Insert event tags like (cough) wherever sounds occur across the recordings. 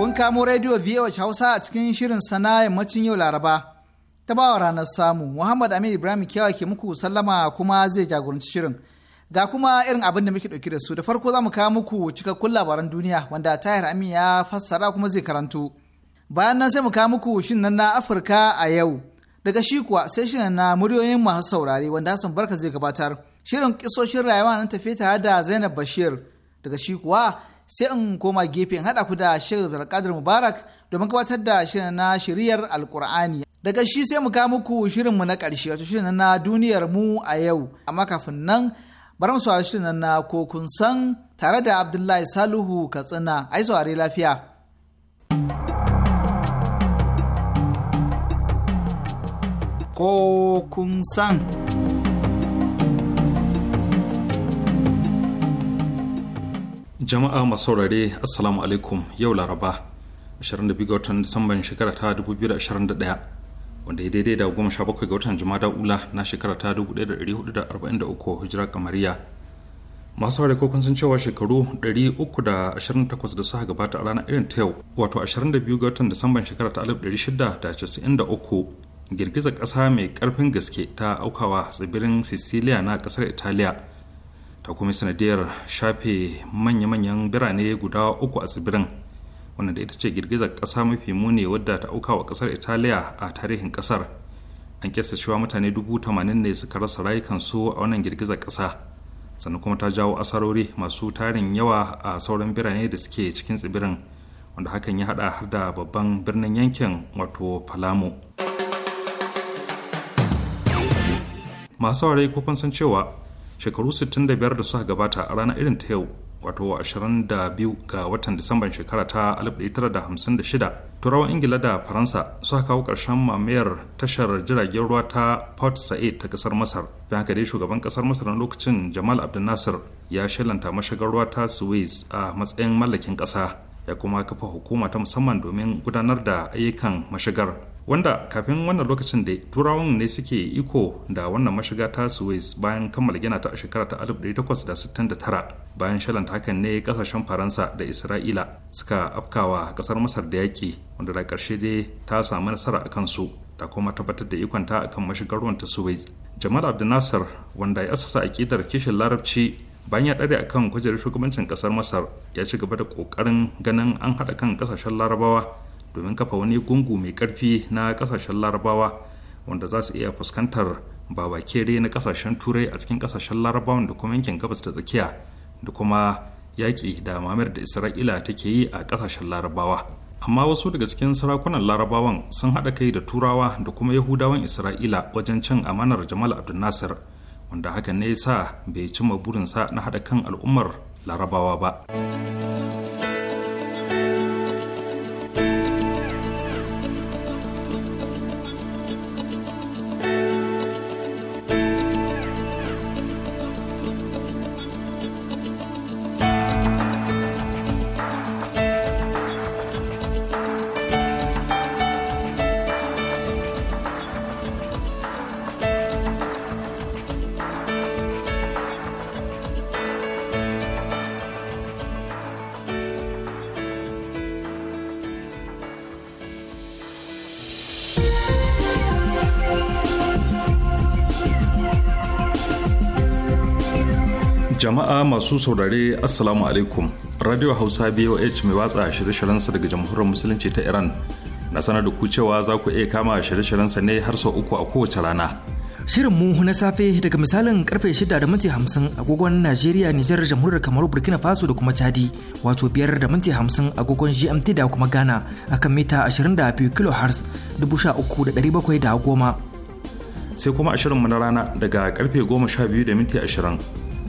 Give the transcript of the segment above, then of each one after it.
Kun kamo rediyo VOH Hausa a cikin shirin sana yammacin yau Laraba. Ta bawa ranar samu, Muhammad Aminu Ibrahim Kiyawa ke muku sallama kuma zai jagoranci shirin. Ga kuma irin abin da muke ɗauki da su, da farko za mu kawo muku cikakkun labaran duniya wanda Tahir Amin ya fassara kuma zai karanto. Bayan nan sai mu kawo muku shin nan na Afirka a yau. Daga shi kuwa sai shirin na muryoyin masu saurare wanda Hassan Barka zai gabatar. Shirin kisoshin rayuwa nan tafiya tare da Zainab Bashir. Daga shi kuwa sai in koma gefen in haɗa ku da Sheikh alƙadar Mubarak domin gabatar da shirin na shiriyar Alkur'ani. Daga shi sai mu ka muku shirin mu na ƙarshe wato shirin na duniyar mu a yau. Amma kafin nan bari mu saurari shirin na ko kun san tare da Abdullahi Saluhu Katsina. Ai saurari lafiya. Ko kun san. jama'a masu saurare assalamu alaikum yau laraba 22 ga watan disamban shekara ta 2021 wanda ya daidai da 17 ga watan jima'a ula na shekara ta 1443 hijira kamariya masu saurare ko kun san cewa shekaru 328 da suka gabata a ranar irin ta yau wato 22 ga watan disamban shekara ta 1693 girgizar ƙasa mai ƙarfin gaske ta aukawa tsibirin sicilia na ƙasar italiya da kuma sanadiyar shafe manya-manyan birane guda uku a tsibirin wanda da ita ce girgizar ƙasa mafi muni wadda ta auka wa ƙasar italiya a tarihin ƙasar an kesa cewa mutane dubu tamanin ne suka rasa rayukansu a wannan girgizar ƙasa sannan kuma ta jawo asarori masu tarin yawa a sauran birane da suke cikin tsibirin wanda hakan ya hada har da babban birnin yankin wato palamo masu ware ko san cewa shekaru 65 da suka gabata a ranar irin ta yau wato 22 ga watan disamban shekara ta 1956 turawan ingila da faransa suka kawo ƙarshen mamayar tashar jiragen ruwa ta port said ta kasar masar don haka dai shugaban kasar masar na lokacin jamal abdul nasir ya shalanta mashigar ruwa ta suez a matsayin mallakin kasa ya kuma kafa hukuma ta musamman domin gudanar da ayyukan mashigar wanda kafin wannan lokacin da turawan ne suke iko da wannan mashiga ta suez bayan kammala gina ta a shekara ta 1869 bayan shalan hakan ne kasashen faransa da isra'ila suka afkawa kasar masar da yaƙi wanda da ƙarshe dai ta samu nasara a kansu da kuma tabbatar da ikonta a kan mashigar ruwan ta suez jamal abdulnasar wanda ya asasa aƙidar kishin larabci bayan ya ɗare akan kujerar shugabancin ƙasar masar ya ci gaba da ƙoƙarin ganin an haɗa kan ƙasashen larabawa domin kafa wani gungu mai karfi na kasashen larabawa wanda za su iya fuskantar babakere na kasashen turai a cikin kasashen larabawan da kuma yankin gabas da tsakiya da kuma yaƙi da mamayar da isra'ila take yi a kasashen larabawa amma wasu daga cikin sarakunan larabawan sun haɗa kai da turawa da kuma yahudawan isra'ila wajen cin amanar jamal abdul nasir wanda hakan ne ya sa bai cimma burinsa na haɗa kan al'ummar larabawa ba. jama'a masu saurare assalamu alaikum radio hausa boh mai watsa shirye shiryen sa daga jamhuriyar musulunci ta iran na sanar da ku cewa za ku iya kama shirye shiryen sa ne har sau uku a kowace rana shirin mu na safe daga misalin karfe shida da minti 50 agogon najeriya nijar jamhuriyar kamaru burkina faso da kuma chadi wato biyar da minti 50 agogon gmt da kuma ghana akan mita 22 kilohertz 13710 sai kuma mu na rana daga karfe goma sha biyu da minti ashirin.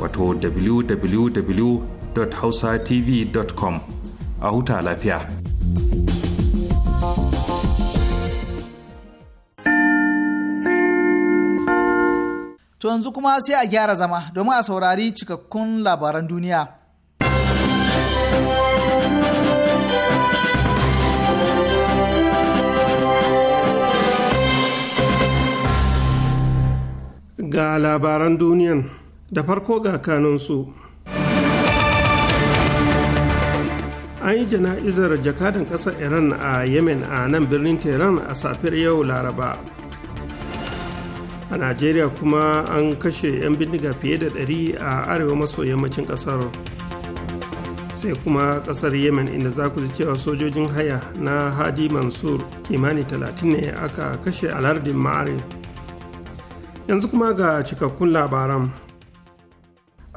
wato www.hausatv.com a huta lafiya. To yanzu kuma sai a gyara zama domin a saurari cikakkun labaran duniya. Ga labaran duniyan da farko ga kanunsu an yi jana'izar jakadan ƙasar iran a yemen a nan birnin tehran a safiyar yau laraba a najeriya kuma an kashe 'yan bindiga fiye da 100 a arewa maso yammacin ƙasar sai kuma ƙasar yemen inda za ku ji cewa sojojin haya na hadi mansur kimani 30 ne aka kashe a lardin yanzu kuma ga cikakkun labaran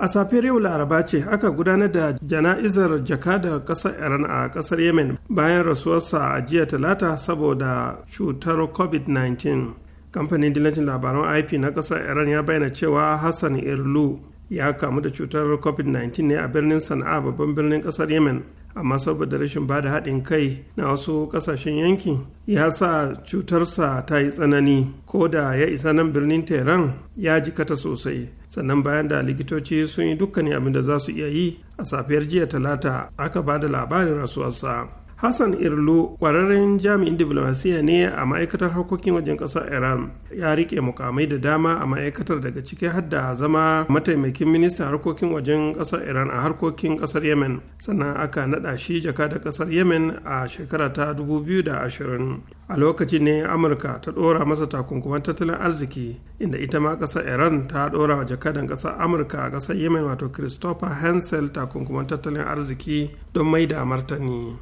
a safiyar yau laraba ce aka gudanar da jana'izar jakadar ƙasar iran a ƙasar yemen bayan rasuwarsa a jiya talata saboda cutar covid-19 kamfanin dilancin labaran ip na kasar iran ya bayyana cewa hassan irlu ya kamu da cutar covid-19 ne a birnin sana'a babban birnin ƙasar yemen amma saboda rashin bada haɗin kai na wasu ƙasashen yanki, ya sa cutarsa ta yi tsanani ko da ya isa nan birnin tehran ya jikata sosai sannan bayan da likitoci sun yi dukkanin abin da za su iya yi a safiyar jiya talata aka ba da labarin rasuwarsa Hassan Irlu ƙwararren jami'in diplomasiya ne a ma'aikatar harkokin wajen ƙasar Iran ya riƙe mukamai da dama a ma'aikatar daga ciki har da zama mataimakin ministan harkokin wajen ƙasar Iran a harkokin ƙasar Yemen sannan aka naɗa shi jaka da ƙasar Yemen a shekara ta 2020 a lokacin ne Amurka ta ɗora masa takunkuman tattalin arziki inda ita ma ƙasar Iran ta ɗora wa jakadan ƙasar Amurka a ƙasar Yemen wato Christopher Hansel takunkuman tattalin arziki don mai da martani.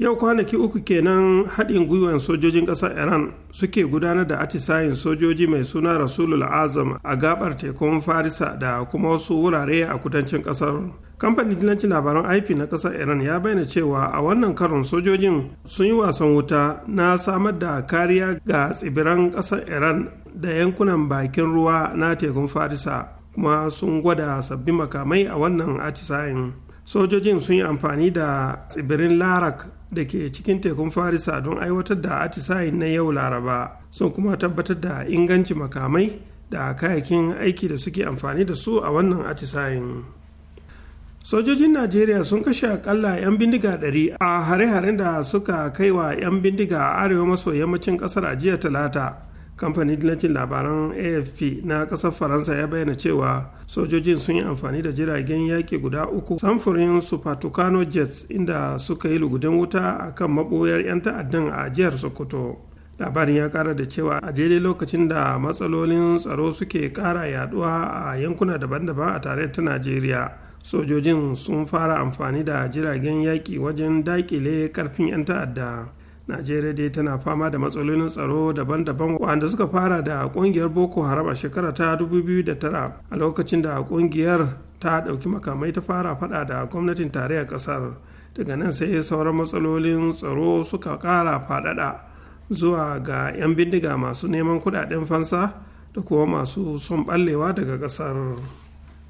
yau kwanaki uku kenan haɗin gwiwar sojojin ƙasar iran suke gudanar da atisayin sojoji mai suna rasulul azam a gabar tekun farisa da kuma wasu wurare a kudancin ƙasar kamfanin dillancin labaran ip na ƙasar iran ya bayyana cewa a wannan karon sojojin sun yi wasan wuta na samar da kariya ga tsibiran ƙasar iran da yankunan bakin ruwa na tekun farisa kuma sun gwada sabbin makamai a wannan atisayin sojojin sun yi amfani da tsibirin larak da ke cikin tekun farisa don aiwatar da atisayin na yau laraba sun kuma tabbatar da inganci makamai da kayakin aiki da suke amfani da su a wannan atisayin sojojin najeriya sun kashe akalla 'yan bindiga 100 a hare-haren da suka kai wa 'yan bindiga a arewa maso yammacin kasar a jiya talata kamfanin dillacin labaran afp na ƙasar faransa ya bayyana cewa sojojin sun yi amfani da jiragen yaƙi guda uku samfurin supertucano jets inda suka yi lugudan wuta a kan maɓoyar 'yan ta'addan a jihar sokoto labarin ya ƙara da cewa a daidai lokacin da matsalolin tsaro suke ƙara yaduwa a yankuna daban-daban a tare ta najeriya sojojin sun fara amfani da jiragen yaƙi wajen daƙile ƙarfin 'yan ta'adda najeriya dai tana fama da matsalolin tsaro daban-daban wanda suka fara da kungiyar boko haram a shekara ta 2009 a lokacin da kungiyar ta ɗauki makamai ta fara faɗa da gwamnatin tarayyar ƙasar daga nan sai sauran matsalolin tsaro suka ƙara faɗaɗa zuwa ga 'yan bindiga masu neman kuɗaɗen fansa da kuma masu son ɓallewa daga ƙasar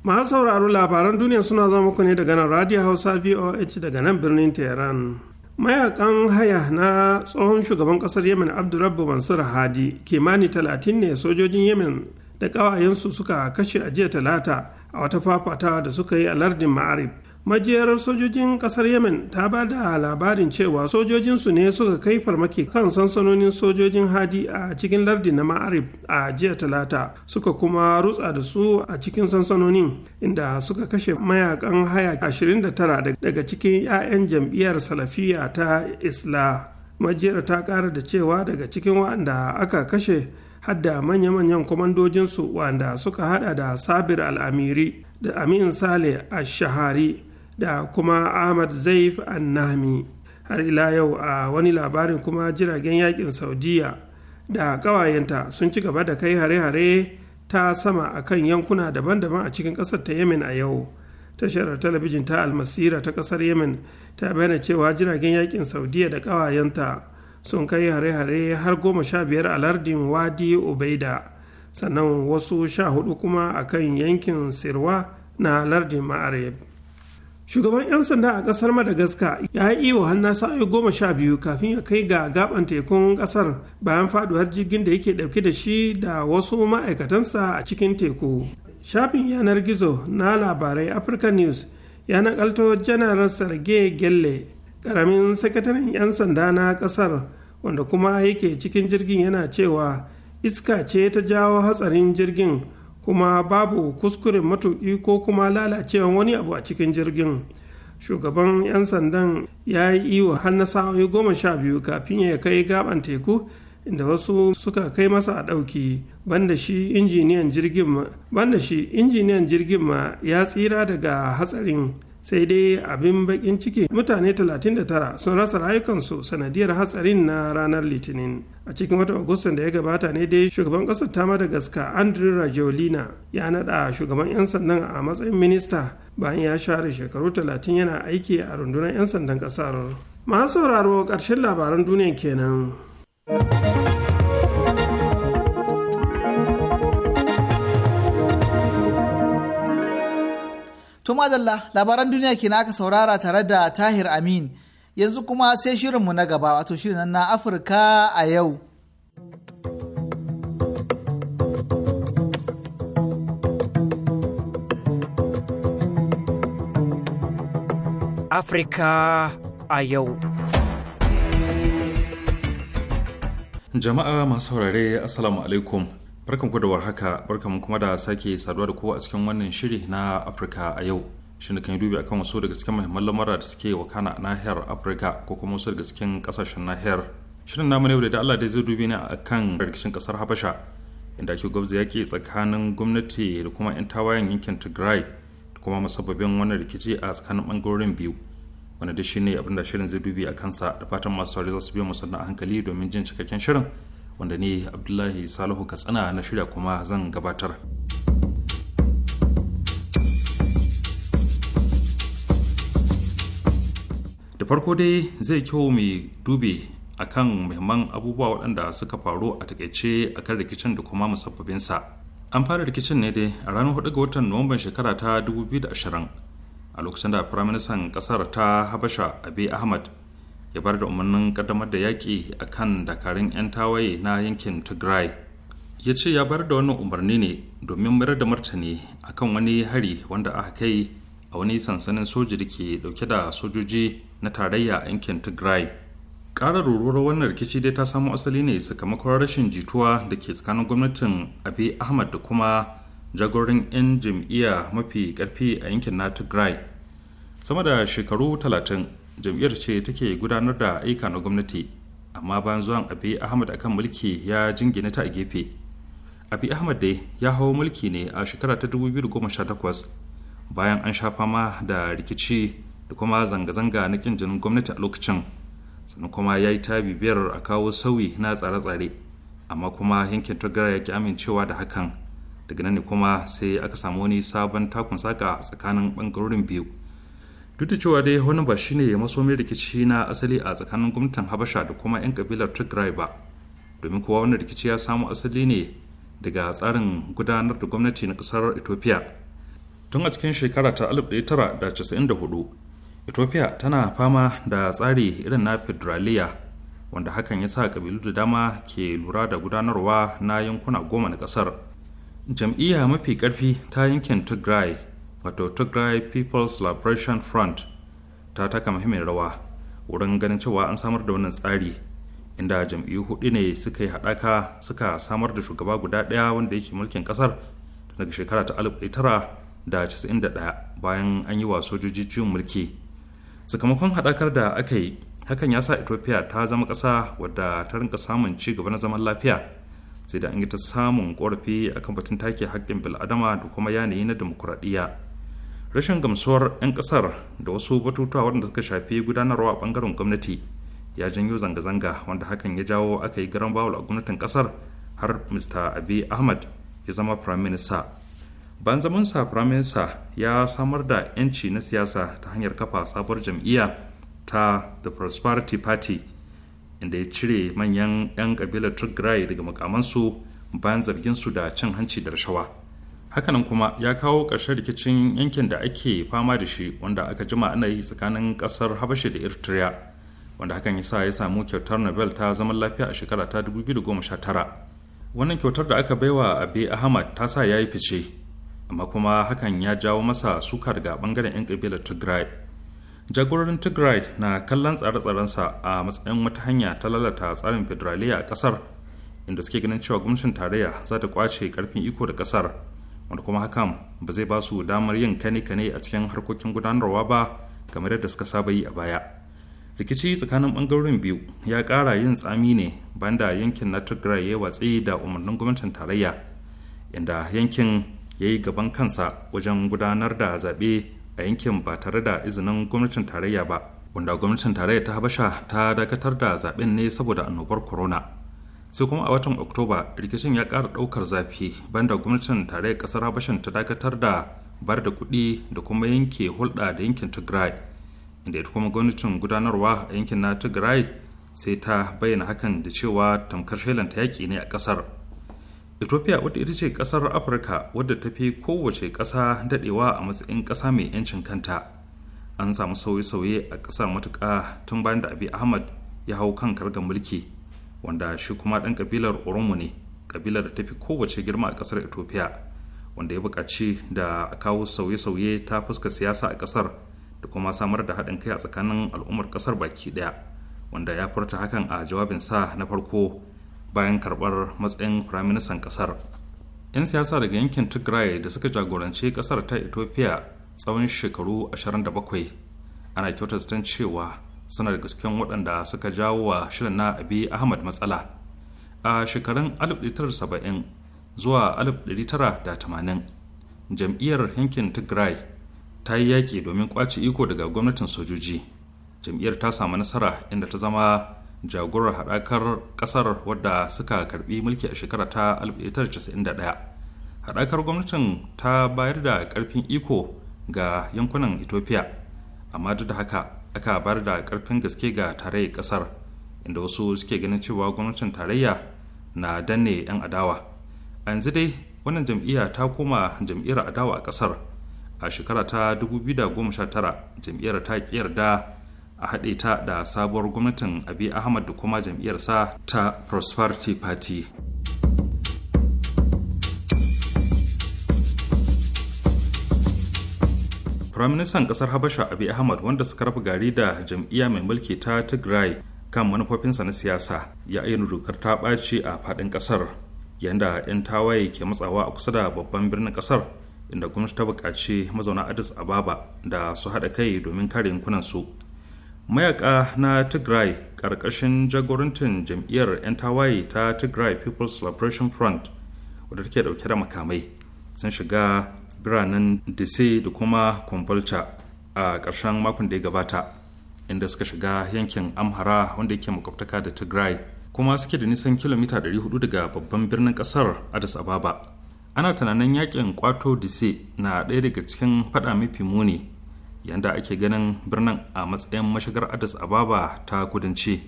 masu sauraro labaran duniya suna zama muku ne daga nan radio hausa voh daga nan birnin tehran mayakan haya na tsohon shugaban kasar yemen abdurrabbu mansur hadi kimani talatin ne sojojin yemen da ƙawayensu suka kashe a jiya talata a wata fafatawa da suka yi a lardin ma'arib majiyar sojojin kasar yemen ta ba da labarin cewa sojojinsu ne suka kai farmaki kan sansanonin sojojin hadi a cikin lardin na ma'arib a jiya talata suka kuma rutsa da su a cikin sansanonin inda suka kashe mayakan haya 29 daga cikin 'ya'yan jam'iyyar salafiya ta isla majiyar ta kara da cewa daga cikin waɗanda aka kashe hadda manya-manyan kwamandojinsu waɗanda suka hada da sabir al'amiri da amin sale a shahari da kuma ahmad zaif annami har ila yau a wani labarin kuma jiragen yakin saudiya da ƙawayenta sun ci gaba da kai hare-hare ta sama a kan yankuna daban-daban a cikin ƙasar ta yemen a yau tashar talabijin ta almasira ta ƙasar yemen ta bayyana cewa jiragen yakin saudiya da ƙawayenta sun kai hare-hare har goma sha biyar a lardin wadi ubaida sannan wasu sha hudu kuma a kan yankin sirwa na lardin ma'arib shugaban 'yan sanda a kasar madagascar ya yi iyo har na sa'o'i goma sha biyu kafin ya kai ga gaban tekun kasar bayan faduwar jirgin da yake dauke da shi da wasu ma'aikatansa a cikin teku shafin yanar gizo na labarai africa news ya nakalto janar sarge gelle karamin sakataren 'yan sanda na kasar wanda kuma yake cikin jirgin yana cewa iska ce ta jawo hatsarin jirgin kuma babu kuskuren matuƙi ko kuma lalacewan wani abu a cikin jirgin shugaban 'yan sandan ya yi iyo har na sa'o'i goma sha biyu kafin ya kai gaban teku inda wasu suka kai masa a ɗauki banda shi injiniyan jirgin ma ya tsira daga hatsarin sai dai abin bakin ciki mutane 39 sun rasa rayukansu sanadiyar hatsarin na ranar litinin a cikin watan agustan da ya gabata ne dai shugaban kasar ta madagaskar andrew rajolina ya nada shugaban 'yan sandan a matsayin minista bayan ya share shekaru 30 yana aiki a rundunar 'yan sandan kasar masu sauraro karshen labaran duniya kenan. To madalla labaran duniya ke aka saurara tare da Tahir Amin yanzu kuma sai shirin mu na gaba wato shirin na Afirka a yau. Afirka a yau. Jama'a masu haurare Assalamu alaikum barkan ku da warhaka barkan kuma da sake saduwa da kowa a cikin wannan shiri na afirka a yau shi kan yi dubi akan wasu daga cikin muhimman lamura da suke wakana a nahiyar afirka ko kuma wasu daga cikin kasashen nahiyar shirin namu ne da allah dai zai dubi ne akan rikicin kasar habasha inda ake gwabza yaki tsakanin gwamnati da kuma 'yan tawayen yankin tigray da kuma masababin wannan rikici a tsakanin bangarorin biyu wanda da ne abin da shirin zai dubi a kansa da fatan masu sauri za su biya musamman a hankali domin jin cikakken shirin wanda ni abdullahi salihu katsina na shirya kuma zan gabatar da farko dai zai kyau mai dube kan muhimman abubuwa waɗanda suka faru a takaice kan rikicin da kuma musabbabinsa an fara rikicin ne dai a ranar 4 ga watan nuwamban shekara ta 2020 a lokacin da firaministan ƙasar ta habasha abi ahmad ya bar da umarnin kaddamar da yaƙi a kan dakarun 'yan tawaye na yankin tigray ya ce ya bar da wannan umarni ne domin mayar da martani a kan wani hari wanda aka kai a wani sansanin soji da ke dauke da sojoji na tarayya a yankin tigray ƙarar ruruwar wannan rikici dai ta samo asali ne sakamakon rashin jituwa da ke tsakanin gwamnatin abi ahmad da kuma jagorin 'yan jam'iyya mafi karfi a yankin na tigray sama da shekaru talatin jam'iyyar ce take gudanar da aika na gwamnati amma bayan zuwan abi ahmad akan mulki ya jingina ta a gefe abi ahmad dai ya hau mulki ne a shekara ta 2018 bayan an sha fama da rikici da kuma zanga-zanga na kin jinin gwamnati a lokacin sannan kuma ya yi ta bibiyar a kawo sauyi na tsare-tsare amma kuma yankin tagara ya ki amincewa da hakan daga nan ne kuma sai aka samu wani sabon takun saka tsakanin bangarorin biyu duk da cewa dai wani ba shine masomin rikici na asali a tsakanin gwamnatin habasha da kuma 'yan kabilar tigray ba domin kowa wani rikici ya samo asali ne daga tsarin gudanar da gwamnati na kasar ethiopia tun a cikin shekara ta 1994 ethiopia tana fama da tsari irin na federaliya wanda hakan ya sa kabilu da dama ke lura da gudanarwa na yankuna goma na kasar jam'iyya mafi karfi ta yankin tigray wato tigray people's liberation front ta taka muhimmin rawa wurin ganin cewa an samar da wannan tsari inda jam'iyyu hudu ne suka yi haɗaka suka samar da shugaba guda ɗaya wanda yake mulkin ƙasar daga shekara ta alif tara da da 1991 bayan an yi wa sojoji ciwon mulki sakamakon haɗakar da aka yi hakan ya sa ethiopia ta zama ƙasa wadda ta rinka samun ci gaba na zaman lafiya sai da an yi ta samun ƙorafi akan batun take haƙƙin bil'adama da kuma yanayi na dimokuraɗiyya rashin gamsuwar 'yan kasar da wasu batutuwa waɗanda suka shafi gudanarwa a ɓangaren gwamnati ya janyo zanga-zanga wanda hakan ya jawo aka yi garan bawul a gwamnatin kasar har mr abi ahmad ya zama prime minister zaman sa prime minister ya samar da 'yanci na siyasa ta hanyar kafa sabuwar jam'iyya ta the prosperity party inda ya cire manyan 'yan kabilar tigray daga mukamansu bayan zarginsu da cin hanci da rashawa hakanan kuma ya kawo ƙarshen rikicin yankin da ake fama da shi wanda aka jima ana yi tsakanin ƙasar habashi da eritrea wanda hakan ya sa ya samu kyautar nobel ta zaman lafiya a shekara ta 2019 wannan kyautar da aka baiwa abe ahmad ta sa ya yi fice amma kuma hakan ya jawo masa suka daga bangaren 'yan kabilar tigray jagororin tigray na kallon tsare-tsarensa a matsayin wata hanya ta lalata tsarin federaliya a ƙasar inda suke ganin cewa gwamnatin tarayya za ta kwace karfin iko da ƙasar. wanda kuma hakan ba zai ba su damar yin kane-kane a cikin harkokin gudanarwa ba kamar yadda suka saba yi a baya rikici tsakanin bangarorin biyu ya kara yin tsami ne banda yankin na tigray ya watsi da umarnin gwamnatin tarayya inda yankin ya yi gaban kansa wajen gudanar da zaɓe a yankin ba tare da izinin gwamnatin tarayya ba wanda gwamnatin tarayya ta habasha ta dakatar da zaɓen ne saboda annobar corona sai kuma a watan oktoba rikicin ya ƙara ɗaukar zafi banda gwamnatin tarayyar ƙasar habashin ta dakatar da bar da kuɗi da kuma yanke hulɗa da yankin tigray inda ita kuma gwamnatin gudanarwa a yankin na tigray sai ta bayyana hakan da cewa tamkar ta yaƙi ne a ƙasar ethiopia wadda ita ce ƙasar afirka wadda ta fi kowace ƙasa daɗewa a matsayin ƙasa mai 'yancin kanta an samu sauye-sauye a ƙasar matuka tun bayan da abi ahmad ya hau kan kargar mulki wanda shi kuma ɗan kabilar oromo ne kabilar da ta fi kowace girma a ƙasar ethiopia wanda ya buƙaci da a kawo sauye-sauye ta fuska siyasa a ƙasar da kuma samar da haɗin kai a tsakanin al'ummar ƙasar baki ɗaya wanda ya furta hakan a jawabinsa na farko bayan karɓar matsayin firaministan ƙasar 'yan siyasa daga yankin tigray da suka jagoranci ƙasar ta ethiopia tsawon shekaru 27 ana kyautata cewa suna daga cikin waɗanda suka jawo wa shirin na abi ahmad matsala a shekarun 1970 zuwa 1980 jam'iyyar yankin tigray ta yi yaƙi domin ƙwace iko daga gwamnatin sojoji jam'iyyar ta samu nasara inda ta zama jagorar haɗakar ƙasar wadda suka karɓi mulki a shekara ta 1991 haɗakar gwamnatin ta bayar da ƙarfin iko ga yankunan ethiopia amma duk da haka aka bar da karfin gaske ga tarayya kasar inda wasu suke ganin cewa gwamnatin tarayya na danne 'yan adawa a yanzu dai wannan jam'iyya ta koma jam'iyyar adawa a kasar a shekara ta 2019 jam'iyyar ta yarda a haɗe ta da sabuwar gwamnatin abi ahmad da kuma sa ta prosperity party firaministan kasar habasha abi ahmad wanda suka rafa gari da jam'iyya mai mulki ta tigray kan manufofinsa na siyasa ya ayyana dokar ta ɓaci a faɗin ƙasar yadda 'yan tawaye ke matsawa a kusa da babban birnin ƙasar inda gwamnati ta buƙaci mazauna addis ababa da su haɗa kai domin kare su, mayaka na tigray ƙarƙashin jagorantin jam'iyyar 'yan tawaye ta tigray people's liberation front wadda take ɗauke da makamai sun shiga biranen dise da kuma kwamfalta a ƙarshen makon da ya gabata inda suka shiga yankin amhara wanda yake makwabtaka da tigray kuma suke da nisan kilomita 400 daga babban birnin ƙasar addis ababa ana tunanin yakin kwato dise na ɗaya daga cikin faɗa mafi muni yanda ake ganin birnin a matsayin mashigar addis ababa ta kudanci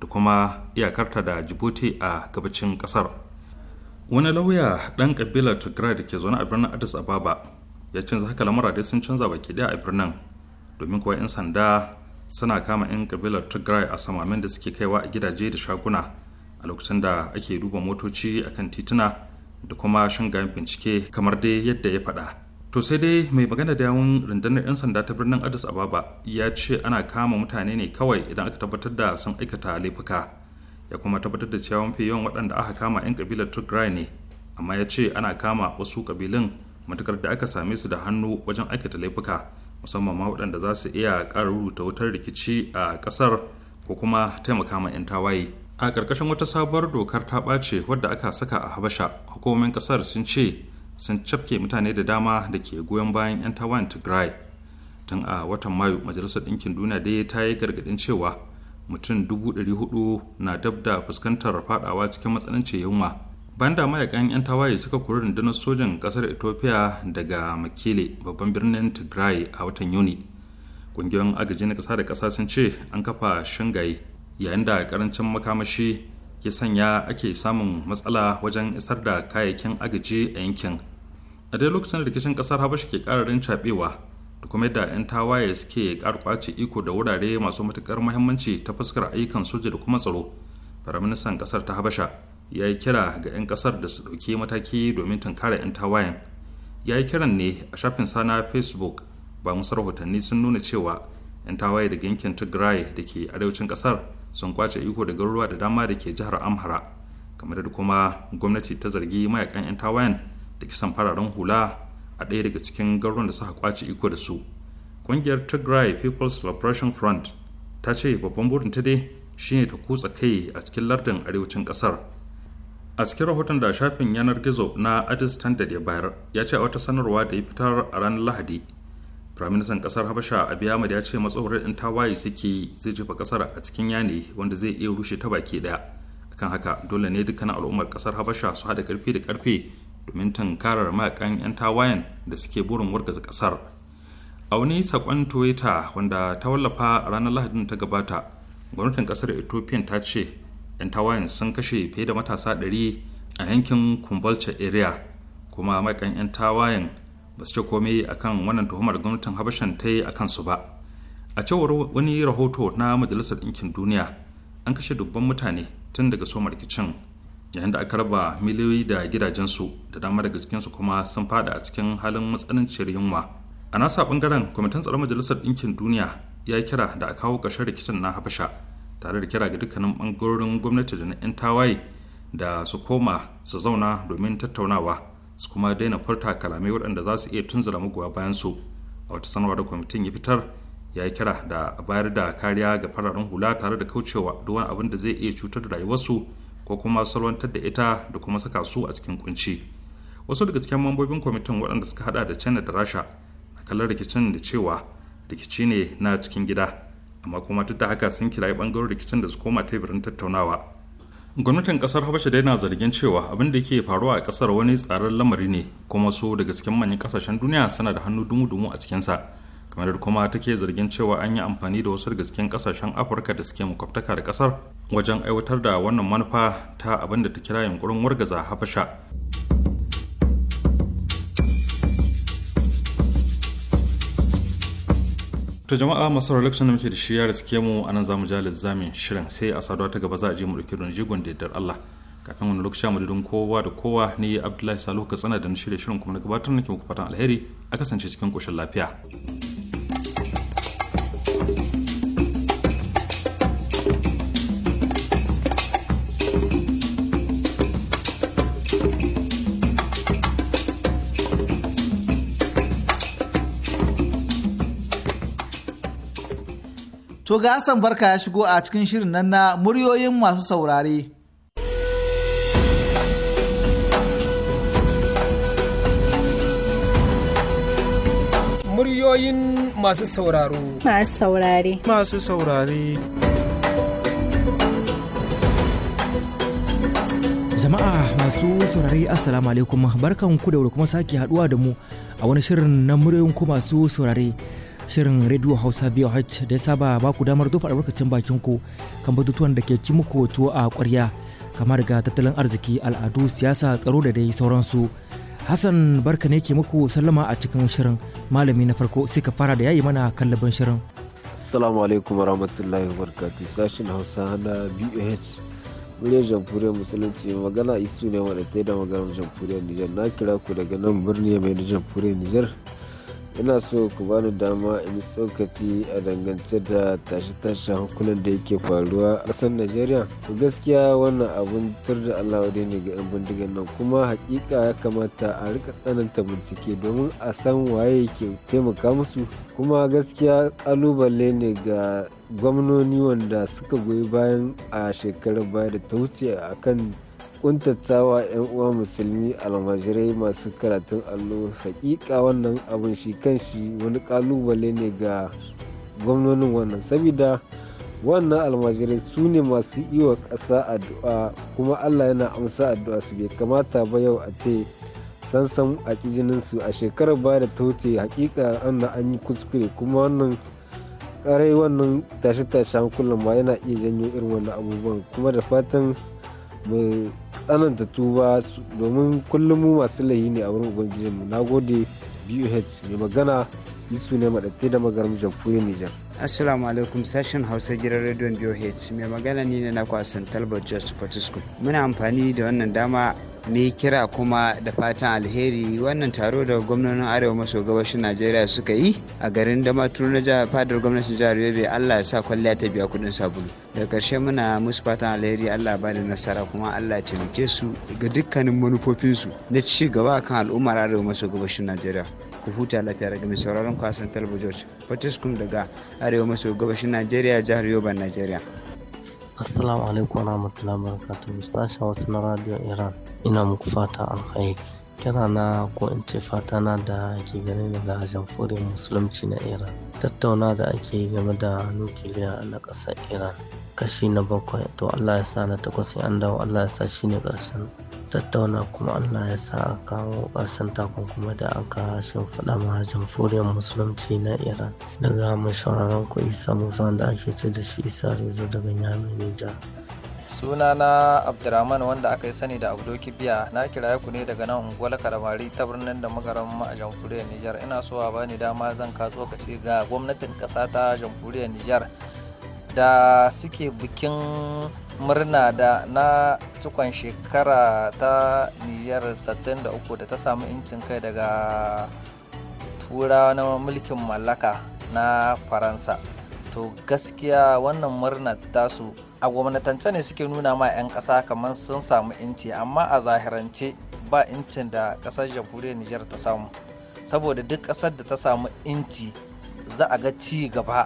da kuma iyakarta da jibuti a gabacin ƙasar wani lauya ɗan kabilar tigray da ke zaune a birnin addis ababa ya canza haka lamura dai sun canza baki ɗaya a birnin domin kuwa 'yan sanda suna kama 'yan kabilar tigray a samamin da suke kaiwa a gidaje da shaguna a lokacin da ake duba motoci akan tituna da kuma shingayen bincike kamar dai yadda ya faɗa to sai dai mai magana da yawun rundunar 'yan sanda ta birnin addis ababa ya ce ana kama mutane ne kawai idan aka tabbatar da sun aikata laifuka ya kuma tabbatar da cewa mafi yawan waɗanda aka kama 'yan kabilar tigray ne amma ya ce ana kama wasu kabilun matukar da aka same su da hannu wajen aikata laifuka musamman ma waɗanda za su iya ƙara rubuta wutar rikici a ƙasar ko kuma taimaka ma 'yan tawaye a ƙarƙashin wata sabuwar dokar ta ɓace wadda aka saka a habasha hukumomin ƙasar sun ce sun cafke mutane da dama da ke goyon bayan 'yan tawayen tigray tun a watan mayu majalisar ɗinkin duniya dai ta yi gargaɗin cewa mutum hudu na dab da fuskantar fadawa cikin matsanancin yunwa banda mayakan 'yan tawaye suka kuri rundunar sojan ƙasar ethiopia daga makile babban birnin tigray a watan yuni kungiyoyin agaji na kasa da ƙasa sun ce an kafa shingaye yayin da karancin makamashi ya sanya ake samun matsala wajen isar da kayayyakin agaji a yankin a dai lokacin rikicin ƙasar habasha ke kararin cabewa da kuma yadda 'yan tawaye suke karkwace iko da wurare masu matuƙar muhimmanci ta fuskar ayyukan soja da kuma tsaro firaministan ƙasar ta habasha ya yi kira ga 'yan ƙasar da su ɗauki mataki domin tunkara 'yan tawayen ya yi kiran ne a shafin sana facebook ba musu rahotanni sun nuna cewa 'yan tawaye daga yankin tigray da ke arewacin ƙasar sun kwace iko da garuruwa da dama da ke jihar amhara kamar da kuma gwamnati ta zargi mayakan 'yan tawayen da kisan fararen hula a ɗaya daga cikin garuruwan da suka kwace iko da su ƙungiyar tigray people's liberation front ta ce babban burin ta dai shine ta kutsa kai a cikin lardin arewacin ƙasar a cikin rahoton da shafin yanar gizo na addis standard ya bayar ya ce a wata sanarwa da ya fitar a ranar lahadi firaministan ƙasar habasha abiy ahmad ya ce matsawarar in tawaye suke zai jefa ƙasar a cikin yane wanda zai iya rushe ta baki ɗaya, akan haka dole ne dukkan al'ummar ƙasar habasha su haɗa ƙarfi da ƙarfe. domin tankarar mayakan 'yan tawayen da suke burin wargaza kasar a wani sakon toyota wanda ta wallafa ranar lahadin ta gabata gwamnatin kasar ethiopia ta ce 'yan tawayen sun kashe fiye da matasa 100 a yankin kumbalcha area kuma mayakan 'yan tawayen ba su ce komai akan wannan tuhumar gwamnatin habashan ta yi a kansu ba a cewar wani rahoto na majalisar ɗinkin duniya an kashe dubban mutane tun daga somar rikicin yayin da aka raba miliyoyi da gidajensu da dama daga cikinsu kuma sun fada a cikin halin matsananciyar yunwa a nasa bangaren kwamitin tsaron majalisar ɗinkin duniya ya kira da a kawo ƙarshen rikicin na habasha tare da kira ga dukkanin bangarorin gwamnati da na 'yan tawaye da su koma su zauna domin tattaunawa su kuma daina furta kalamai waɗanda za su iya tunzura magoya bayan su a wata sanarwa da kwamitin ya fitar ya yi kira da bayar da kariya ga fararen hula tare da kaucewa duk wani abin da zai iya cutar da rayuwarsu ko kuma salwantar da ita da kuma saka su a cikin kunci wasu daga cikin mambobin kwamitin waɗanda suka hada da china da rasha na kallon rikicin da cewa rikici ne na cikin gida amma kuma duk da haka sun kirayi bangaren rikicin da su koma teburin tattaunawa gwamnatin kasar habasha dai na zargin cewa abin da ke faruwa a kasar wani tsarar lamari ne kuma su daga cikin manyan kasashen duniya suna da hannu dumu-dumu a cikinsa kamar kuma take zargin cewa an yi amfani da wasu daga cikin kasashen afirka da suke makwabtaka da kasar wajen aiwatar da wannan manufa ta abin da ta kira yunkurin wargaza hafasha. to jama'a masu lokacin da muke da shirya da suke mu anan zamu ja lizamin shirin sai a saduwa ta gaba za a je mu dauki don jigon da Allah kafin wani lokaci mu dudun kowa da kowa ne Abdullahi Salihu ka tsana da shirye shirin kuma na gabatar nake muku fatan alheri a kasance cikin koshin lafiya To ga Hassan Barka ya shigo a cikin shirin nan na muryoyin masu saurare. Muryoyin masu sauraro. Masu saurare. Masu saurare. Jama'a masu saurare Assalamu alaikum barkan ku da kuma sake haduwa da mu a wani shirin na muryoyin ku masu saurare. shirin rediyo hausa voh da ya saba ba ku damar dofa albarkacin bakin ku kan batutuwan da ke ci muku tuwo a kwarya kama daga tattalin arziki al'adu siyasa tsaro da dai sauransu hassan barka ne ke muku sallama a cikin shirin malami na farko sai ka fara da yayi mana kallabin shirin assalamu alaikum warahmatullahi wabarakatuh sashin hausa na voh muryar jamhuriyar musulunci magana isu ne wadda ta da maganar jamhuriyar nijar na kira ku daga nan birni mai na jamhuriyar nijar ina so ku bani dama in tsokaci a dangance da tashe-tashe hankulan da yake faruwa a ƙasar najeriya to gaskiya wannan abun tur da allah wadai ne ga 'yan bindigan nan kuma hakika ya kamata a rika tsananta bincike domin a san waye ke taimaka musu kuma gaskiya kalubale ne ga gwamnoni wanda suka goyi bayan a shekarar baya da ta wuce akan wa 'yan uwa musulmi almajirai masu karatun allo hakika wannan abin shi kanshi wani kalubale ne ga gwamnonin wannan saboda wannan almajirai su ne masu yi wa ƙasa addu'a kuma allah yana amsa addu'a su bai kamata ba yau a ce sansan a su a shekarar baya da ta wuce hakika annan an yi kuskure kuma wannan karai wannan tashe-tashen kullum ma yana iya janyo irin wannan abubuwan kuma da fatan mai tsananta tuba domin kullum mu masu lahi ne a wurin ubangijinmu na gode buh mai magana isu ne maɗatte da magaram jamhuriyar nijar Assalamu alaikum sashen Hausa gidan rediyon BOH mai magana ni ne na kwasan Talbot George Fortescue. Muna amfani da wannan dama mai kira kuma da fatan alheri wannan taro da gwamnonin arewa maso gabashin najeriya suka yi a garin damaturu na fadar gwamnatin jihar yobe allah ya sa kwalliya ta biya kudin sabulu da karshe muna musu fatan alheri allah ba da nasara kuma allah taimake su ga dukkanin manufofinsu na ci gaba kan al'ummar arewa maso gabashin najeriya ku huta lafiya daga mai sauraron kwasan talabijin fatiskun daga arewa maso gabashin najeriya jihar yobe najeriya Assalamu alaikum warahmatullahi wabarakatuh sashen wasu na radio Iran ina muku fata alkhairi kira na ko in ce fata na da ke gani daga jamhuriyar musulunci na Iran tattauna da ake game da nukiliya na ƙasar Iran kashi na bakwai to Allah ya sa na takwas sai an dawo Allah ya sa shi ne ƙarshen tattauna kuma Allah ya sa a kawo ƙarshen takunkuma da aka shimfiɗa ma jamhuriyar musulunci na Iran daga mai ku Isa Musa wanda ake ce da shi Isa Rezo daga Nyame Nijar. sunana abdulrahman wanda aka yi sani da abdo kibiya na kiraye ku ne daga nan unguwar karamari ta birnin da magaran a jamhuriyar nijar ina so a bani dama zan kasu kace ga gwamnatin ƙasa ta jamhuriyar nijar da suke bikin murna da na cikon shekara ta nijar 63 da ta samu incin kai daga turawa na mulkin mallaka na faransa to gaskiya wannan murna tasu a gwamnatance ne suke nuna ma 'yan kasa kamar sun samu inci amma a zahirance ba incin da ƙasar jamhuriyar nijar ta samu saboda duk ƙasar da ta samu inci za a ga ci gaba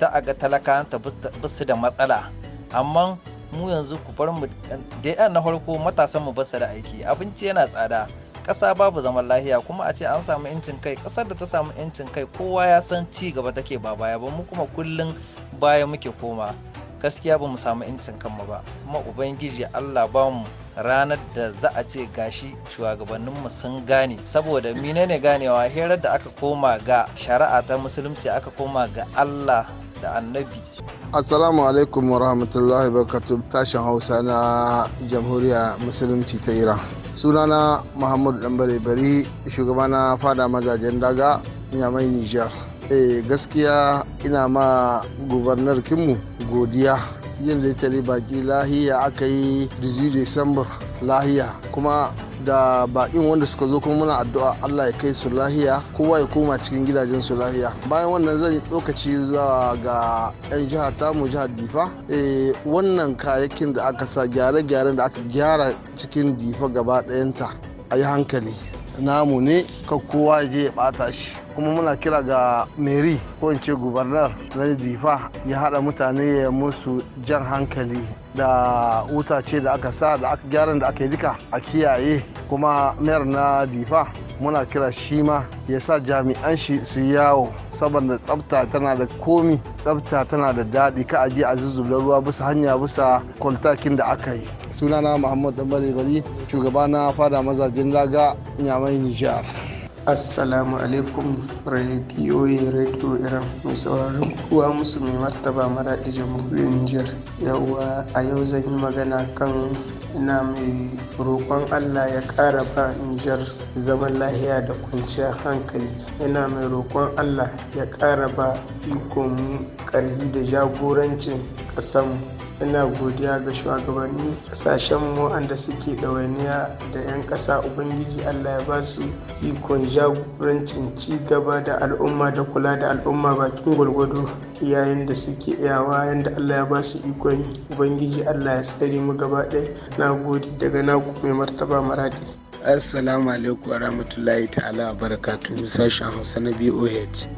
za a ga talakanta basu da matsala amma mu yanzu ku bar mu da yan na farko matasan mu basu da aiki abinci yana tsada ƙasa babu zaman lahiya kuma a ce an samu yancin kai ƙasar da ta samu yancin kai kowa ya san ci gaba take ba baya ba mu kuma kullum baya muke koma gaskiya ba mu samu yancin kanmu ba kuma ubangiji allah ba mu ranar da za a ce gashi shugabanninmu sun gane saboda menene ganewa herar da aka koma ga shari'a ta musulunci aka koma ga allah da annabi assalamu alaikum wa rahmatullahi barkatu tashin hausa na jamhuriyar musulunci ta iran sunana muhammadu dambare bari shugaba na fada mazajen daga mai nijar eh gaskiya ina ma gubernar kinmu godiya yin litari baki lahiya aka yi 18 december lahiya kuma da baƙin wanda suka zo kuma muna addu'a Allah ya kai su lahiya kowa ya koma cikin gidajen su lahiya bayan wannan zan yi lokaci zuwa ga yan jihar tamu jihar difa eh, wannan kayakin da aka sa gyare-gyaren da aka gyara cikin difa gaba ɗayanta a yi hankali namu ne ka kowa je ya bata shi kuma muna kira ga mary ko in ce gubernar na difa ya hada mutane ya musu jan hankali da wuta ce da aka sa da aka gyaran da aka yi duka a kiyaye kuma mayar na difa muna kira shi ma ya sa jami'an shi su yawo saboda tsabta tana da komi tsabta tana da daɗi ka aji a zuzublar ruwa bisa hanya bisa kwaltakin da aka yi sunana muhammad dambale bari shugaba na fada mazajen laga nyamai nijar assalamu alaikum radiyoyi radio iran mai sauraron kuwa musu mai martaba maraɗi jamhuriyar nijar yawa a yau zan yi magana kan ina mai roƙon allah ya ƙara ba nijar zaman lahiya da kwanciyar hankali ina mai roƙon allah ya ƙara ba ikon ƙarfi da jagorancin ƙasanmu ina godiya ga shugabanni ƙasashen mu waɗanda suke ɗawainiya da 'yan ƙasa ubangiji allah ya ba su ikon jagorancin ci gaba da al'umma da kula da al'umma bakin gwalgwado yayin da suke iyawa yadda allah ya ba su ikon ubangiji allah ya tsare mu gaba ɗaya na gode daga naku mai martaba maradi assalamu alaikum wa rahmatullahi ta'ala wa sashen hausa na boh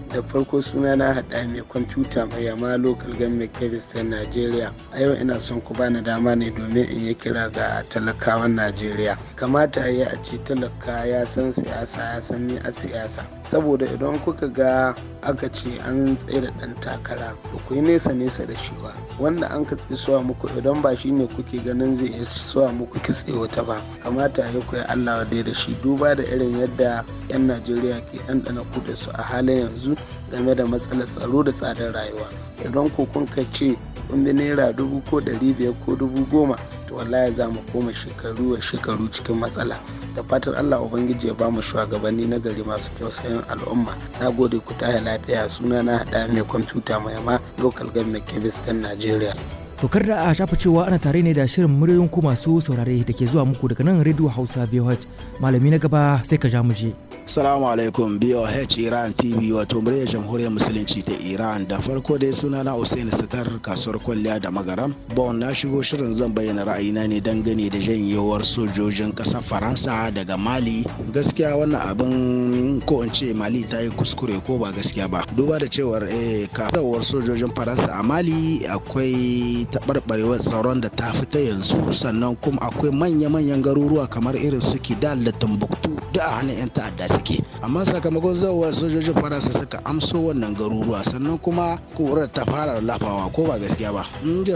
da farko suna na haɗa mai kwamfuta mai yama local government kebis ta najeriya a yau ina son ku bani dama ne domin in yi kira ga talakawan najeriya kamata ya a ce talaka ya san siyasa ya san ni a siyasa saboda idan kuka ga aka ce an tsere ɗan takara ba ku yi nesa nesa da shi wanda an ka suwa muku idan ba shine kuke ganin zai iya suwa muku kitse wata ba kamata ya ku Allah dai da shi duba da irin yadda 'yan Najeriya ke ɗanɗana kuɗe su a halin yanzu game da matsalar tsaro da tsadar rayuwa idan ko kun ka ce kun naira dubu ko ɗari biyar ko dubu goma to wallahi za mu koma shekaru da shekaru cikin matsala da fatar allah ubangiji ya bamu shugabanni na gari masu tausayin al'umma na gode ku taya lafiya suna na haɗa mai kwamfuta maima ma local government kebis ɗan najeriya kar da a shafa cewa ana tare ne da shirin muryoyin ku masu saurare da ke zuwa muku daga nan radio hausa voh malami na gaba sai ka ja mu je. Salamu alaikum BOH Iran TV wato murya jamhuriyar musulunci ta Iran da farko dai suna na Hussein Sitar kasuwar kwalliya da magaram. Bon na shigo shirin zan bayyana ra'ayina ne dangane da janyewar sojojin ƙasar Faransa daga Mali. Gaskiya wannan abin ko in ce Mali ta yi kuskure ko ba gaskiya ba. Duba da cewar eh sojojin Faransa a Mali akwai taɓarɓarewar tsaron da ta fita yanzu sannan kuma akwai manya-manyan garuruwa kamar irin su Kidal da Tumbuktu duk a hannun 'yan ta'adda suke amma sakamakon zauwa sojojin faransa suka amso wannan garuruwa sannan kuma kurar ta fara lafawa ko ba gaskiya ba in da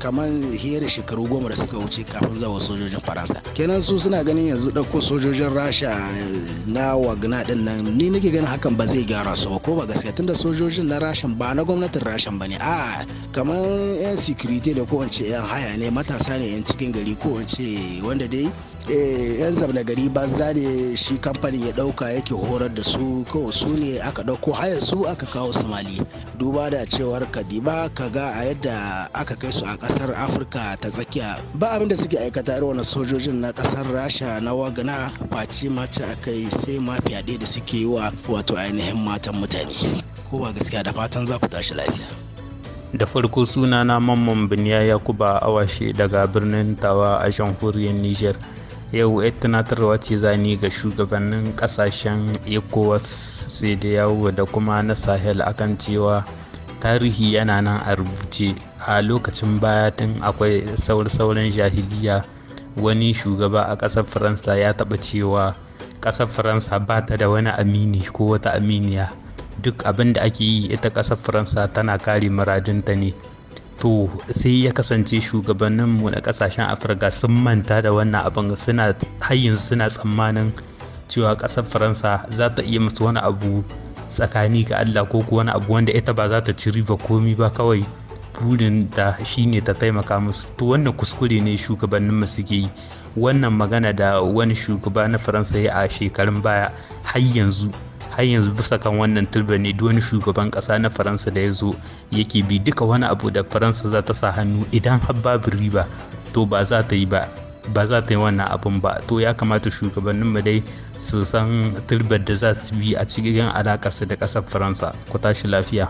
kamar hiyar shekaru goma da suka wuce kafin zauwa sojojin faransa kenan su suna ganin yanzu ɗauko sojojin rasha na wagna din nan ni nake ganin hakan ba zai gyara su ba ko ba gaskiya tunda sojojin na rashin ba na gwamnatin rashin ba ne a kamar yan security da ko in yan haya ne matasa ne yan cikin gari ko in wanda dai Eh, yan zamna gari banza ne shi kamfanin ya dauka yake horar da su kawai su ne aka dauko haya su aka kawo somali duba da cewar kadima ka ga a yadda aka kai su a kasar afirka ta tsakiya ba abinda suke aikata irin wani sojojin na kasar rasha na wagana face mace a kai sai ma fyaɗe da suke yi wa wato ainihin matan mutane ko ba gaskiya da fatan za ku tashi lafiya da farko sunana mamman biniya yakuba awashe daga birnin tawa a jamhuriyar niger yau ya tunatarwa ce zani ga shugabannin kasashen ecowas sai da yawo da kuma na sahel akan cewa tarihi yana nan a rubuce a lokacin baya tun akwai sauran jahiliya wani shugaba a ƙasar faransa ya taɓa cewa ƙasar faransa ba ta da wani amini ko wata aminiya duk abin da ake yi ita ƙasar faransa tana kare muradunta ne to sai ya kasance shugabanninmu na kasashen afirka sun manta da wannan abin suna har yanzu suna tsammanin cewa ƙasar faransa za ta iya musu wani abu tsakani ga allah ko kuwa wani abu wanda ita ba za ta ci riba komi ba kawai burin da shine ta taimaka musu to wannan kuskure ne shugabannin mu suke yi wannan magana da wani shugaba na faransa ya a shekarun baya har yanzu har yanzu bisa kan wannan turba ne duk wani shugaban kasa na faransa da ya zo yake bi duka wani abu da faransa za ta sa hannu idan har babu riba to ba za ta yi ba ba za ta yi wannan abun ba to ya kamata shugabannin mu dai su san turbar da za su bi a cikin su da ƙasar faransa ku tashi lafiya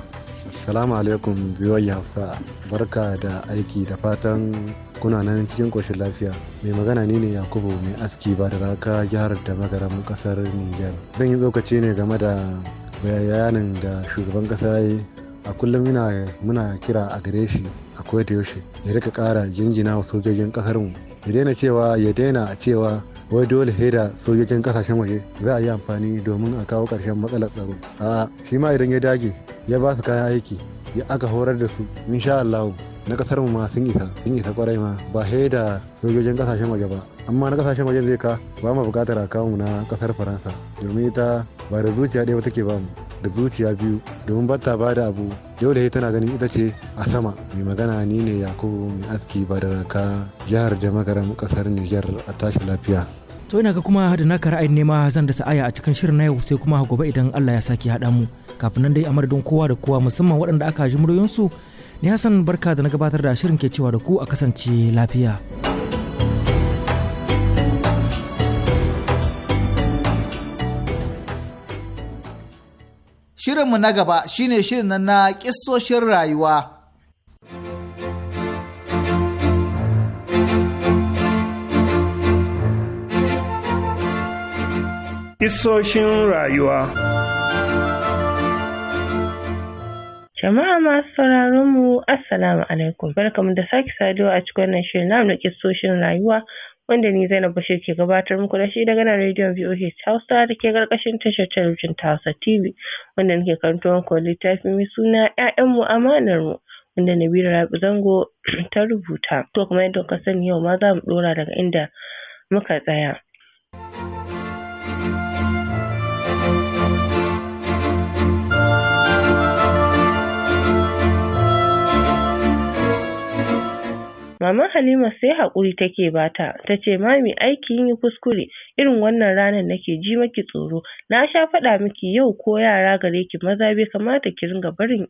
assalamu alaikum biyoyi hausa barka da aiki da fatan kuna nan cikin ƙoshin lafiya mai magana ni ne yakubu mai aski ba da raka jihar da magaram kasar niger zan yi tsokaci ne game da bayanin da shugaban kasa ya yi a kullum muna kira a gare shi a da yaushe ya rika kara jingina wa sojojin kasar mu ya daina cewa ya daina cewa wai dole sai da sojojin kasashen waje za a yi amfani domin a kawo ƙarshen matsalar tsaro a'a shi ma idan ya dage ya ba su kayan aiki ya aka horar da su insha na kasar mu ma sun isa sun isa kwarai ma ba he da sojojin kasashen waje ba amma na kasashen waje zai ka ba mu bukatar akamu na kasar faransa domin ita ba da zuciya ɗaya ba take ba mu da zuciya biyu domin ba ta ba da abu yau da tana ganin ita ce a sama mai magana ni ne yakubu mai aski ba da raka jihar da kasar niger a tashi lafiya to ina ga kuma da naka ra'ayin nema zan da sa'aya a cikin shirin na yau sai kuma gobe idan allah ya sake haɗa mu kafin nan dai a madadin kowa da kowa musamman waɗanda aka ji muryoyinsu su Ni Hassan barka da na gabatar da shirin ke cewa da ku a kasance lafiya. Shirinmu na gaba shine shirin na kissoshin rayuwa. Kissoshin rayuwa. Jama'a masu sauraron mu Assalamu alaikum. Barkamu da sake saduwa a cikin wannan shirin namu na kissoshin rayuwa wanda ni Zainab Bashir ke gabatar muku da shi daga nan rediyon VOH Hausa da ke karkashin tashar talabijin ta Hausa TV wanda nake karanto muku littafi mai suna ‘Ya'yan mu amanar mu wanda Nabila Rabi Zango (clears throat) ta rubuta. To kamar yadda kuka sani yau ma za mu ɗora daga inda muka tsaya. mama Halima sai haƙuri take bata, tace mami ai yi kuskure, irin wannan ranar nake ji maki tsoro. Na sha faɗa miki yau ko yara gare ki maza bai kamata ki ringa barin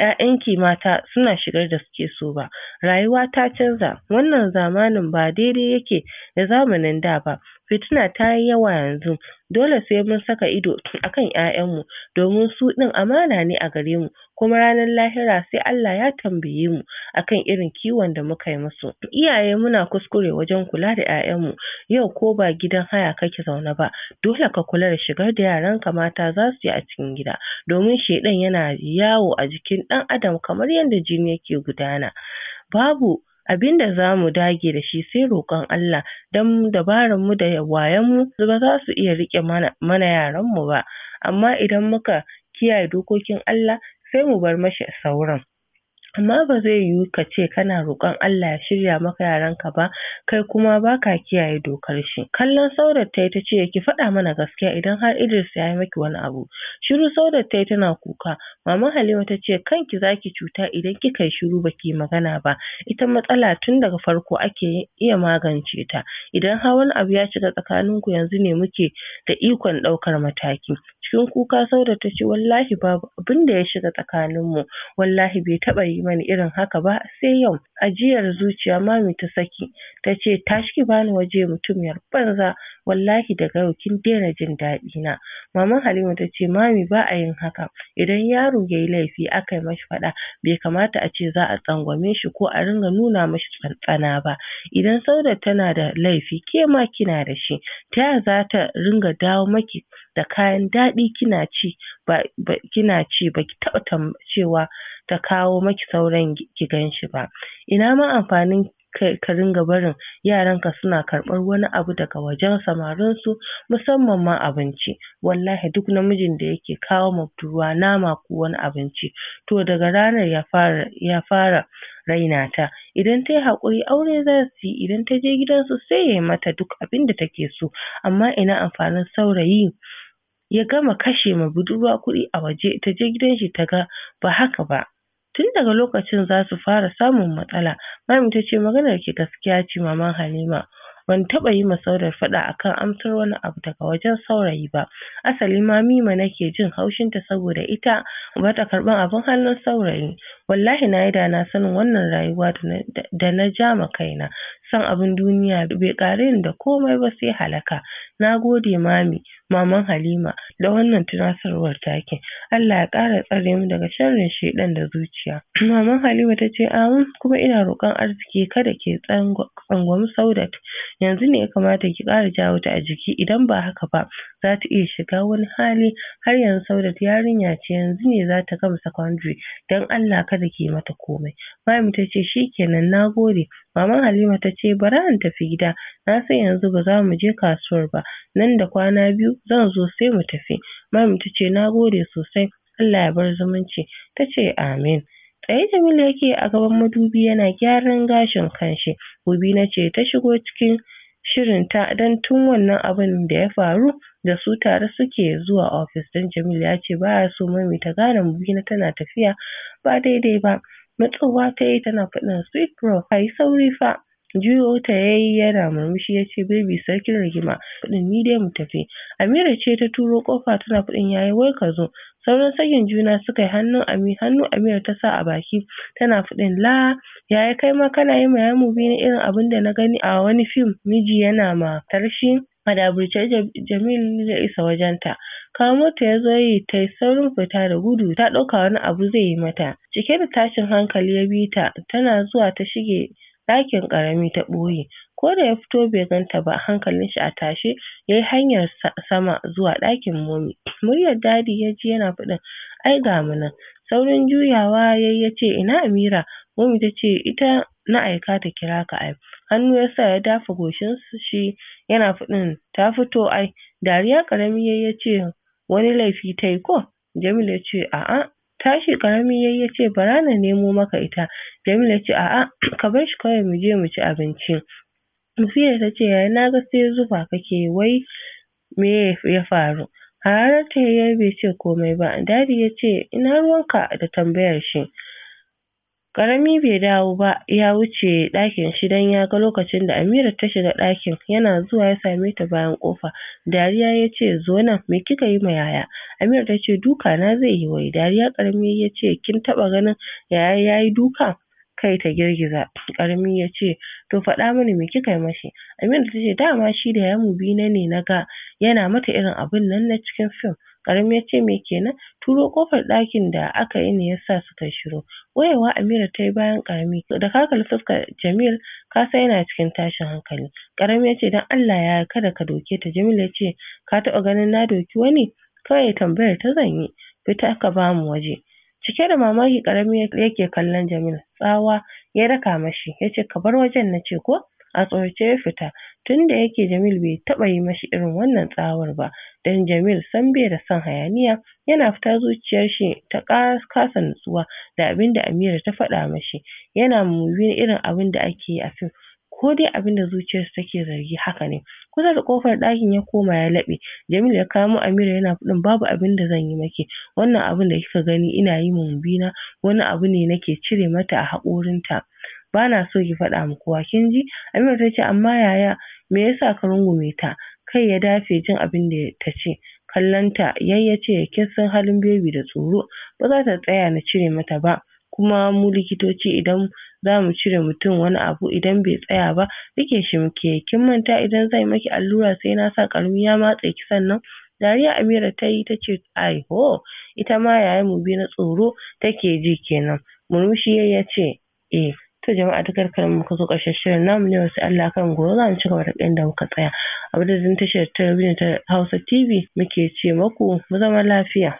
‘ya'yanki mata suna shigar da suke so ba. Rayuwa ta canza, wannan zamanin ba daidai yake da zamanin da ba. Fitina ta yi yawa yanzu, dole sai mun saka ido a kan 'ya'yanmu domin su ɗin amana ne a gare mu kuma ranar lahira sai Allah ya tambaye mu akan irin kiwon da muka yi musu. Iyaye muna kuskure wajen kula da 'ya'yanmu, yau ko ba gidan haya kake zaune ba, dole ka kula da shigar da yaranka mata za su yi a cikin gida domin shaiɗan yana yawo a jikin ɗan adam kamar yadda jini yake gudana. Babu abinda za mu dage da shi sai roƙon Allah don dabaran mu da wayan mu ba za su iya riƙe mana mana yaran mu ba amma idan muka kiyaye dokokin Allah sai mu bar mashi sauran amma ba zai yiwu ka ce kana roƙon Allah ya shirya maka ka ba kai kuma ba ka kiyaye dokar shi kallon ta yi ta ce ki faɗa mana gaskiya idan har Idris ya yi maki wani abu shiru ta yi tana kuka mama Halima ta ce kanki zaki cuta idan kika yi shiru baki magana ba ita matsala tun daga farko ake iya magance ta idan har wani abu ya shiga tsakaninku yanzu ne muke da ikon ɗaukar mataki cikin kuka Saudat ta ce wallahi babu abin da ya shiga tsakanin mu wallahi bai taɓa yi mani irin haka ba sai yau ajiyar zuciya mami ta saki ta ce tashi ki bani waje mutum ya banza wallahi daga yau kin daina jin daɗi na maman Halima ta ce mami ba a yin haka idan yaro yayi laifi aka yi mashi faɗa bai kamata a ce za a tsangwame shi ko a ringa nuna mashi tsantsana ba idan Saudat tana da laifi ke ma kina da shi ta yaya za ta ringa dawo maki da kayan daɗi kina ci ba kina ci baki taɓa cewa ta kawo maki sauran ki ganshi ba ina ma amfanin ka ringa barin yaranka suna karɓar wani abu daga wajen samarinsu musamman ma abinci wallahi duk namijin da yake kawo ma nama ko wani abinci to daga ranar ya fara ya fara raina ta idan tayi haƙuri aure zasu yi idan taje gidan su sai yayi mata duk abinda take so amma ina amfanin saurayi ya gama kashe ma budurwa kuɗi a waje ta je gidan shi ta ga ba haka ba. Tun daga lokacin za su fara samun matsala. Mami ta ce maganar ki gaskiya ce maman Halima. Ban taɓa yi ma Saudar faɗa kan amsar wani abu daga wajen saurayi ba. Asali ma Mima nake jin haushinta saboda ita ba ta karɓan abin hannun saurayi. Wallahi na yi da na sanin wannan rayuwa da na ja ma kaina. son abin duniya bai ƙare ni da komai ba sai halaka. Na gode mami, maman Halima da wannan tunasarwar take. Allah ya ƙara tsare mu daga sharrin shaɗan da zuciya. Maman Halima ta ce amin kuma ina roƙon arziki kada ke tsangwami Saudat. Yanzu ne ya kamata ki ƙara jawo ta a jiki idan ba haka ba za ta iya shiga wani hali har yanzu Saudat yarinya ce yanzu ne za ta gama secondary don Allah kada ki mata komai. Mami ta ce shikenan na gode Maman Halima ta ce bari in tafi gida, na san yanzu ba za mu je kasuwar ba, nan da kwana biyu zan zo sai mu tafi. mamu ta ce na gode sosai, Allah ya bar zumunci. Ta ce amin. Tsaye Jamilu yake a gaban madubi yana gyaran gashin kanshi. Gobe na ce ta shigo cikin shirinta don tun wannan abin da ya faru da su tare suke zuwa ofis don Jamilu ya ce ba ya so mami ta gane Mubina tana tafiya ba daidai ba. Matsowa ta yi tana faɗin sweet bro, ka yi sauri fa. Juyo ta yi yana murmushi ya ce baby sarkin rigima kuɗin ni dai mu tafi. Amira ce ta turo ƙofa tana kuɗin yi wai ka zo. Sauran sakin juna suka yi hannu Amira hannu Amira ta sa a baki tana faɗin la ya yi kai ma kana yi ma yamu na irin abin da na gani a wani fim miji yana ma tarshi. Madaburce Jamil ya isa wajenta. kamo ta ya zo yi ta saurin fita da gudu ta ɗauka wani abu zai yi mata. Cike da tashin hankali ya bi ta tana zuwa ta shige ɗakin ƙarami ta ɓoye. Ko da ya fito bai ganta ba hankalin shi a tashe ya yi hanyar sama zuwa ɗakin momi. Muryar dadi ya ji yana faɗin ai ga mu nan. Saurin juyawa ya yi ya ce ina Amira? Momi ta ce ita na aika ta kira ka ai. Hannu ya sa ya dafa goshin shi yana faɗin ta fito ai. Dariya ƙarami ya yi ya ce wani laifi ta yi ko? Jamilu ya ce a'a tashi ya yi ya ce bara na nemo maka ita. Jamilu ya ce a'a ka bar shi kawai mu je mu ci abinci. Mufida ta ce yaya na ga sai zufa kake wai me ya faru? Hararar ta ya bai ce komai ba. Dadi ya ce ina ruwanka da tambayar shi. karami bai dawo ba ya wuce ɗakin shi don ya ga lokacin da Amira ta shiga ɗakin yana zuwa ya same ta bayan ƙofa. Dariya ya ce zo nan me kika yi ma yaya? Amira ta ce duka na zai yi wai. Dariya ƙarami ya ce kin taɓa ganin yaya ya yi duka? Kai ta girgiza. Ƙarami ya ce to faɗa mini me kika yi mashi? Amira ta ce dama shi da yamu biyu na ne na ga yana mata irin abin nan na cikin fim. Karami yace ce me kenan? Turo kofar ɗakin da aka yi ne ya sa suka shiru. Wayewa Amira tayi bayan Karami da ka kalli fuskar Jamil ka san yana cikin tashin hankali. Ƙarami yace ce don Allah ya kada ka doke ta. Jamil yace ka taɓa ganin na doki wani? Kawai tambayar ta zan yi. Fita ka bamu waje. Cike da mamaki karami yake kallon Jamil, tsawa ya raka mashi, yace ka bar wajen na ce ko? A tsorace ya fita, tunda yake Jamil bai taɓa yi mashi irin wannan tsawar ba, don Jamil sam bai da son hayaniya, yana fita zuciyar shi ta kasa nutsuwa da abinda Amira ta faɗa mashi, yana mumunar irin abin da ake yi a fim. Ko dai abinda da zuciyarsa take zargi haka ne. Kusa da ƙofar ɗakin ya koma ya laɓe. Jamil ya kamo Amira yana faɗin babu abin da zan yi maki. Wannan abin da kika gani ina yi ma Mubina wani abu ne nake cire mata a haƙorinta. bana so ki faɗa ma kowa kin ji Amira ta ce amma yaya me yasa ka rungume ta kai ya dafe jin abin da ta ce kallonta yayi ya ce san halin bebi da tsoro ba za ta tsaya na cire mata ba kuma mu likitoci idan za mu cire mutum wani abu idan bai tsaya ba rike shi muke kin manta idan zai maki allura sai na sa ƙarami ya matse ki sannan dariya Amira ta yi ta ce ai ho ita ma yayan mu bi na tsoro take ji kenan murmushi ya ce eh to jama'a ta karkar muka zo ƙarshen shirin namu ne wasu Allah kan gobe za mu ci gaba da inda muka tsaya a madadin tashar talabijin ta Hausa TV muke ce maku mu zama lafiya.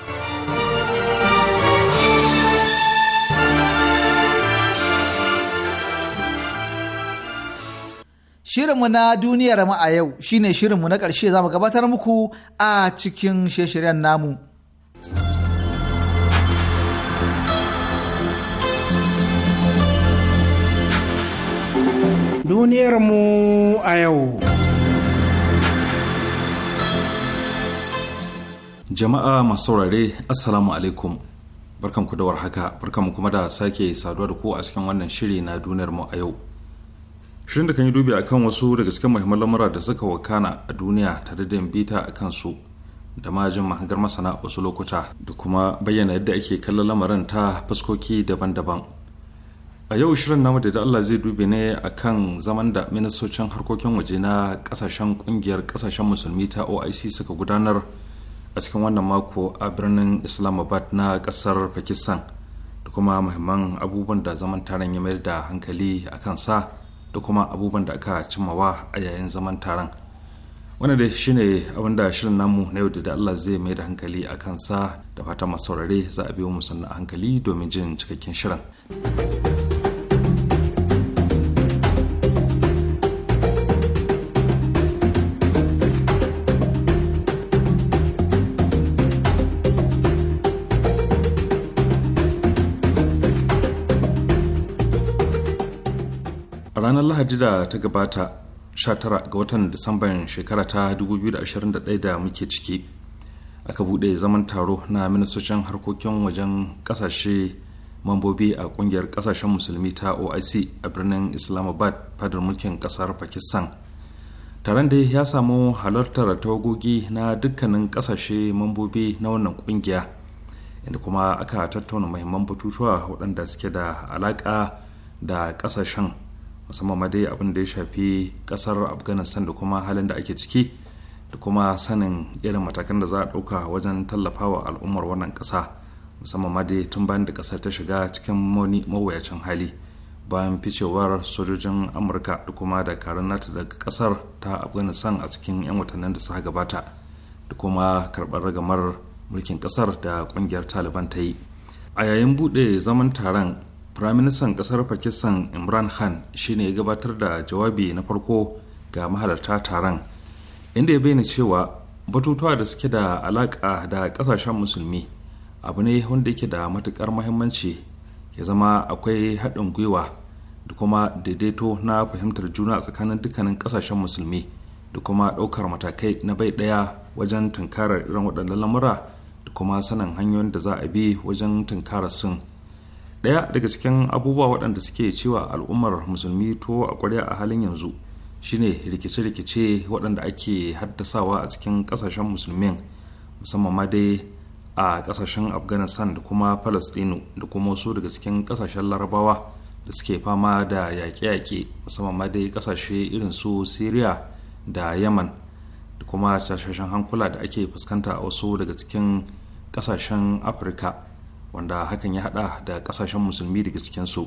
Shirinmu na duniyar mu a yau shine shirinmu na ƙarshe za mu gabatar muku a cikin shirye namu. duniyar mu a yau. Jama'a masu saurare Assalamu alaikum. Barkanku da warhaka, barkanku kuma da sake saduwa da ku a cikin wannan shiri na duniyarmu a yau. Shirin da kan yi dubi akan wasu daga cikin muhimman lamura da suka wakana a duniya tare da bita a kansu da ma jin mahangar masana wasu lokuta da kuma bayyana yadda ake kallon lamarin ta fuskoki daban-daban. a yau shirin namu da Allah zai dube ne a kan zaman da ministocin harkokin waje na kasashen kungiyar kasashen musulmi ta oic suka gudanar a cikin wannan mako a birnin islamabad na kasar pakistan da kuma muhimman abubuwan da zaman taron ya mayar da hankali a kansa da kuma abubuwan da aka cimmawa a yayin zaman taron wannan da ne abin da shirin namu na yau da Allah zai mai da hankali a kansa da fata masu za a biyo mu sannan a hankali domin jin cikakken shirin. lahadi da ta gabata 19 ga watan disamban shekara ta 2021 da muke ciki aka bude zaman taro na ministocin harkokin wajen kasashe mambobi a kungiyar kasashen musulmi ta oic a birnin islamabad fadar mulkin kasar pakistan taron da ya samu halartar tawagogi na dukkanin kasashe mambobi na wannan kungiya inda kuma aka tattauna mahimman batutuwa waɗanda suke da alaƙa da ƙasashen. musamman ma dai abin da ya shafi kasar afghanistan da kuma halin da ake ciki da kuma sanin irin matakan da za a ɗauka wajen tallafawa al'ummar wannan ƙasa musamman ma dai tun bayan da ƙasar ta shiga cikin mawuyacin hali bayan ficewar sojojin amurka da kuma dakarun nata daga ƙasar ta afghanistan a cikin 'yan watannin da suka gabata da kuma karɓar ragamar mulkin ƙasar da ƙungiyar taliban ta yi a yayin buɗe zaman taron firaministan kasar pakistan imran khan shine ya gabatar da jawabi na farko ga mahalarta taron inda ya bayyana cewa batutuwa da suke da alaƙa da ƙasashen musulmi abu ne wanda yake da matuƙar muhimmanci ya zama akwai haɗin gwiwa da kuma daidaito na fahimtar juna tsakanin dukkanin ƙasashen musulmi da kuma ɗaukar matakai na bai ɗaya wajen tunkarar irin waɗannan lamura da kuma sanin hanyoyin da za a bi wajen tunkarar sun daya daga cikin abubuwa waɗanda suke cewa al'ummar musulmi to a ƙwarya a halin yanzu shine rikice-rikice waɗanda ake haddasawa a cikin ƙasashen musulmi musamman ma dai a ƙasashen afghanistan da kuma palestino da kuma wasu daga cikin ƙasashen larabawa da suke fama da yaƙe-yaƙe musamman ma dai ƙasashe irin su syria da yaman da kuma tashashen hankula da ake fuskanta a wasu daga cikin ƙasashen afirka wanda hakan ya hada da kasashen musulmi daga cikinsu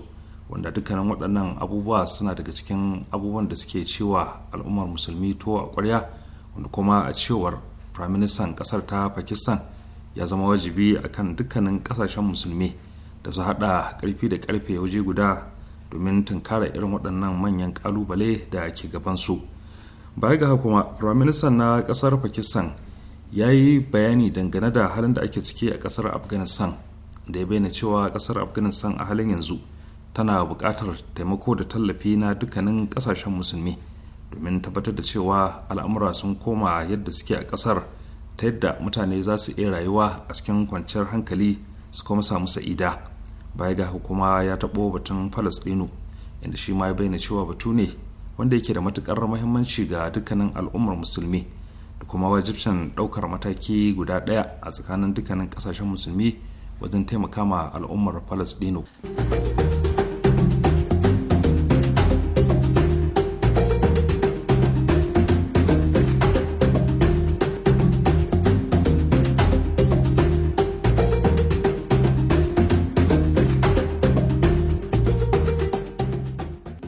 wanda dukkanin waɗannan abubuwa suna daga cikin abubuwan da suke cewa al'ummar musulmi to a ƙwarya wanda kuma a cewar firaministan ƙasar ta pakistan ya zama wajibi a kan dukkanin kasashen musulmi da su haɗa ƙarfi da ƙarfe waje guda domin tunkara irin waɗannan manyan ƙalubale da ke gabansu baya ga kuma firaministan na ƙasar pakistan ya yi bayani dangane da halin da ake ciki a ƙasar afghanistan da ya bayyana cewa kasar afghanistan a halin yanzu tana buƙatar taimako da tallafi na dukkanin kasashen musulmi domin tabbatar da cewa al'amura sun koma yadda suke a ƙasar ta yadda mutane za su iya rayuwa a cikin kwanciyar hankali su kuma samu sa'ida baya ga hukuma ya taɓo batun falastinu inda shi ma ya bayyana cewa batu ne wanda yake da matuƙar muhimmanci ga dukkanin al'ummar musulmi da kuma wajibcin ɗaukar mataki guda ɗaya a tsakanin dukkanin ƙasashen musulmi wajen taimaka ma al'ummar palestino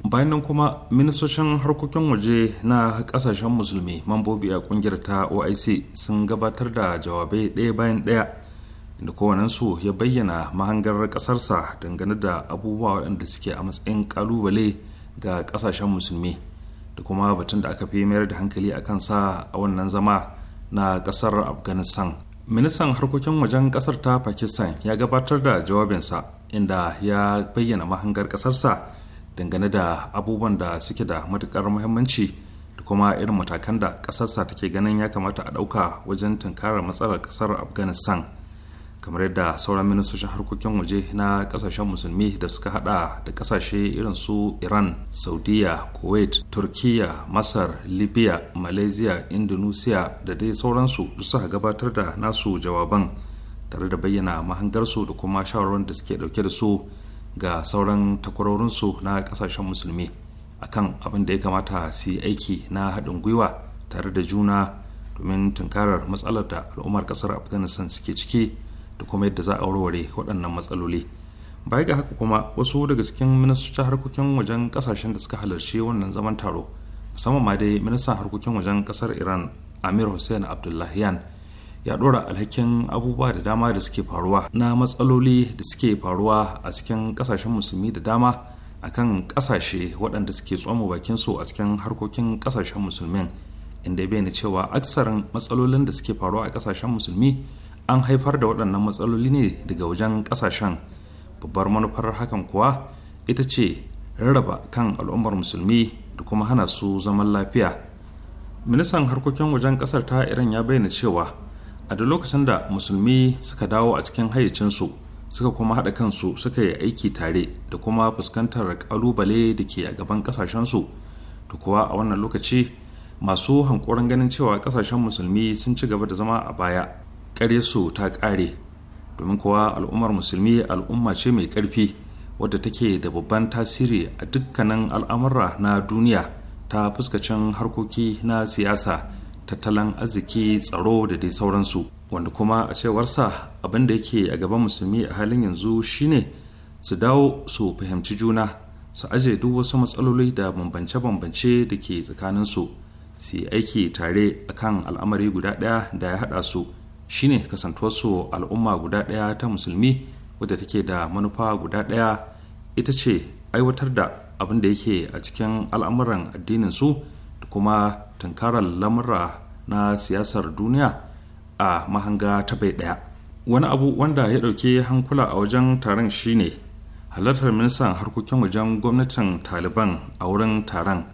bayan nan kuma ministocin harkokin waje na kasashen musulmi mambobi a kungiyar ta oic sun gabatar da jawabai ɗaya bayan ɗaya inda kowanensu ya bayyana mahangar ƙasarsa dangane da abubuwa waɗanda suke a matsayin ƙalubale ga ƙasashen musulmi da kuma batun da aka fi mayar da hankali a kansa a wannan zama na ƙasar afghanistan ministan harkokin wajen ƙasar ta pakistan ya gabatar da jawabinsa inda ya bayyana mahangar ƙasarsa dangane da abubuwan da suke da matuƙar muhimmanci da kuma irin matakan da ƙasarsa take ganin ya kamata a ɗauka wajen tunkarar matsalar ƙasar afghanistan kamar yadda sauran ministocin harkokin waje na kasashen musulmi da suka hada da kasashe irin su iran saudiya kuwait turkiya masar libya malaysia indonesia da dai sauransu da suka gabatar da nasu jawaban tare da bayyana mahangarsu da kuma shawarwar da suke dauke da su ga sauran takwarorinsu na kasashen musulmi akan abin da ya kamata su yi aiki na haɗin gwiwa tare da juna domin tunkarar matsalar da al'ummar kasar afghanistan suke ciki da kuma yadda za a warware waɗannan matsaloli baya ga haka kuma wasu daga cikin ministocin harkokin wajen kasashen da suka halarci wannan zaman taro musamman ma dai ministan harkokin wajen kasar iran amir hussein abdullahiyan ya ɗora alhakin abubuwa da dama da suke faruwa na matsaloli da suke faruwa a cikin kasashen musulmi da dama a kan kasashe waɗanda suke tsoma bakin su a cikin harkokin kasashen musulmin inda ya bayyana cewa aksarin matsalolin da suke faruwa a kasashen musulmi an haifar da waɗannan matsaloli ne daga wajen ƙasashen babbar manufar hakan kuwa ita ce rarraba kan al'ummar musulmi da kuma hana su zaman lafiya ministan harkokin wajen ƙasar ta iran ya bayyana cewa a da lokacin da musulmi suka dawo a cikin hayyacinsu suka kuma haɗa kansu suka yi aiki tare da kuma fuskantar ƙalubale da ke a gaban ƙasashensu da kuwa a wannan lokaci masu hankoron ganin cewa ƙasashen musulmi sun ci gaba da zama a baya su ta ƙare domin kuwa al'ummar musulmi al'umma ce mai karfi wadda take da babban tasiri a dukkanin al'amura na duniya ta fuskacin harkoki na siyasa tattalin arziki tsaro da dai sauransu wanda kuma a cewarsa abin da yake a gaban musulmi a halin yanzu shine su dawo su fahimci juna su aje duk wasu matsaloli da bambance-bambance da ke tsakaninsu su yi aiki tare akan al'amari guda ɗaya da ya haɗa su shine kasantuwarsu al'umma guda ɗaya ta musulmi wadda take da manufa guda ɗaya ita ce aiwatar da abin da yake a cikin al'amuran addinin su da kuma tunkarar lamura na siyasar duniya a mahanga ta bai ɗaya wani abu wanda ya ɗauke hankula a wajen taron shine halartar ministan harkokin wajen gwamnatin taliban a wurin taron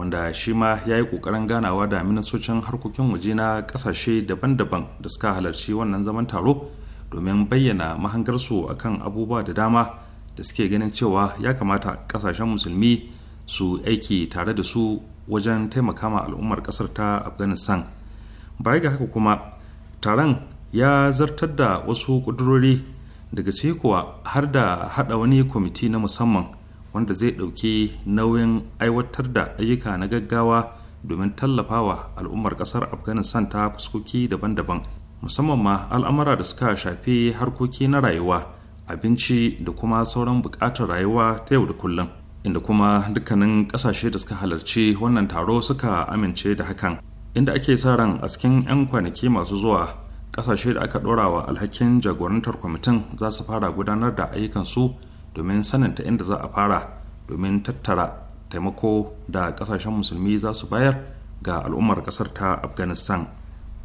wanda shi ma ya yi ƙoƙarin ganawa da ministocin harkokin waje na ƙasashe daban-daban da suka halarci wannan zaman taro domin bayyana mahangarsu a kan abubuwa da dama da suke ganin cewa ya kamata ƙasashen musulmi su aiki tare da su wajen taimaka ma al'ummar ƙasar ta afghanistan baya ga haka kuma taron ya zartar da wasu ƙudurori daga kuwa har da haɗa wani kwamiti na musamman wanda zai ɗauki nauyin aiwatar da ayyuka na gaggawa domin tallafawa al'ummar ƙasar afghanistan ta fuskoki daban-daban musamman ma al'amura da suka shafi harkoki na rayuwa abinci da kuma sauran buƙatar rayuwa ta yau da kullum inda kuma dukkanin ƙasashe da suka halarci wannan taro suka amince da hakan inda ake sa ran a cikin 'yan kwanaki masu zuwa ƙasashe da aka ɗora wa alhakin jagorantar kwamitin za su fara gudanar da ayyukansu domin sanin inda za a fara domin tattara taimako da kasashen musulmi za su bayar ga al'ummar kasar ta afghanistan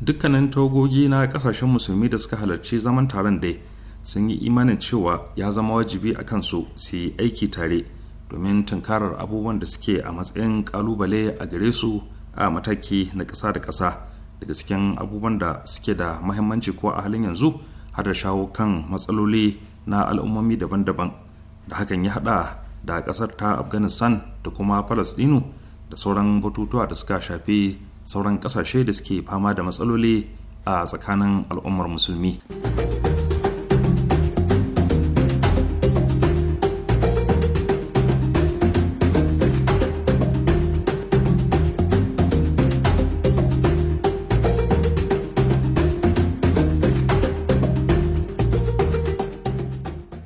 dukkanin togogi na kasashen musulmi da suka halarci zaman taron dai sun yi imanin cewa ya zama wajibi a kansu su yi aiki tare domin tunkarar abubuwan da suke a matsayin kalubale a gare su a mataki na ƙasa da ƙasa daga cikin abubuwan da suke da mahimmanci ko a halin yanzu har da shawo kan matsaloli na al'ummomi daban-daban da hakan ya hada da kasar ta afghanistan da kuma palestinu da sauran batutuwa da suka shafi sauran kasashe da suke fama da matsaloli a tsakanin al'ummar musulmi.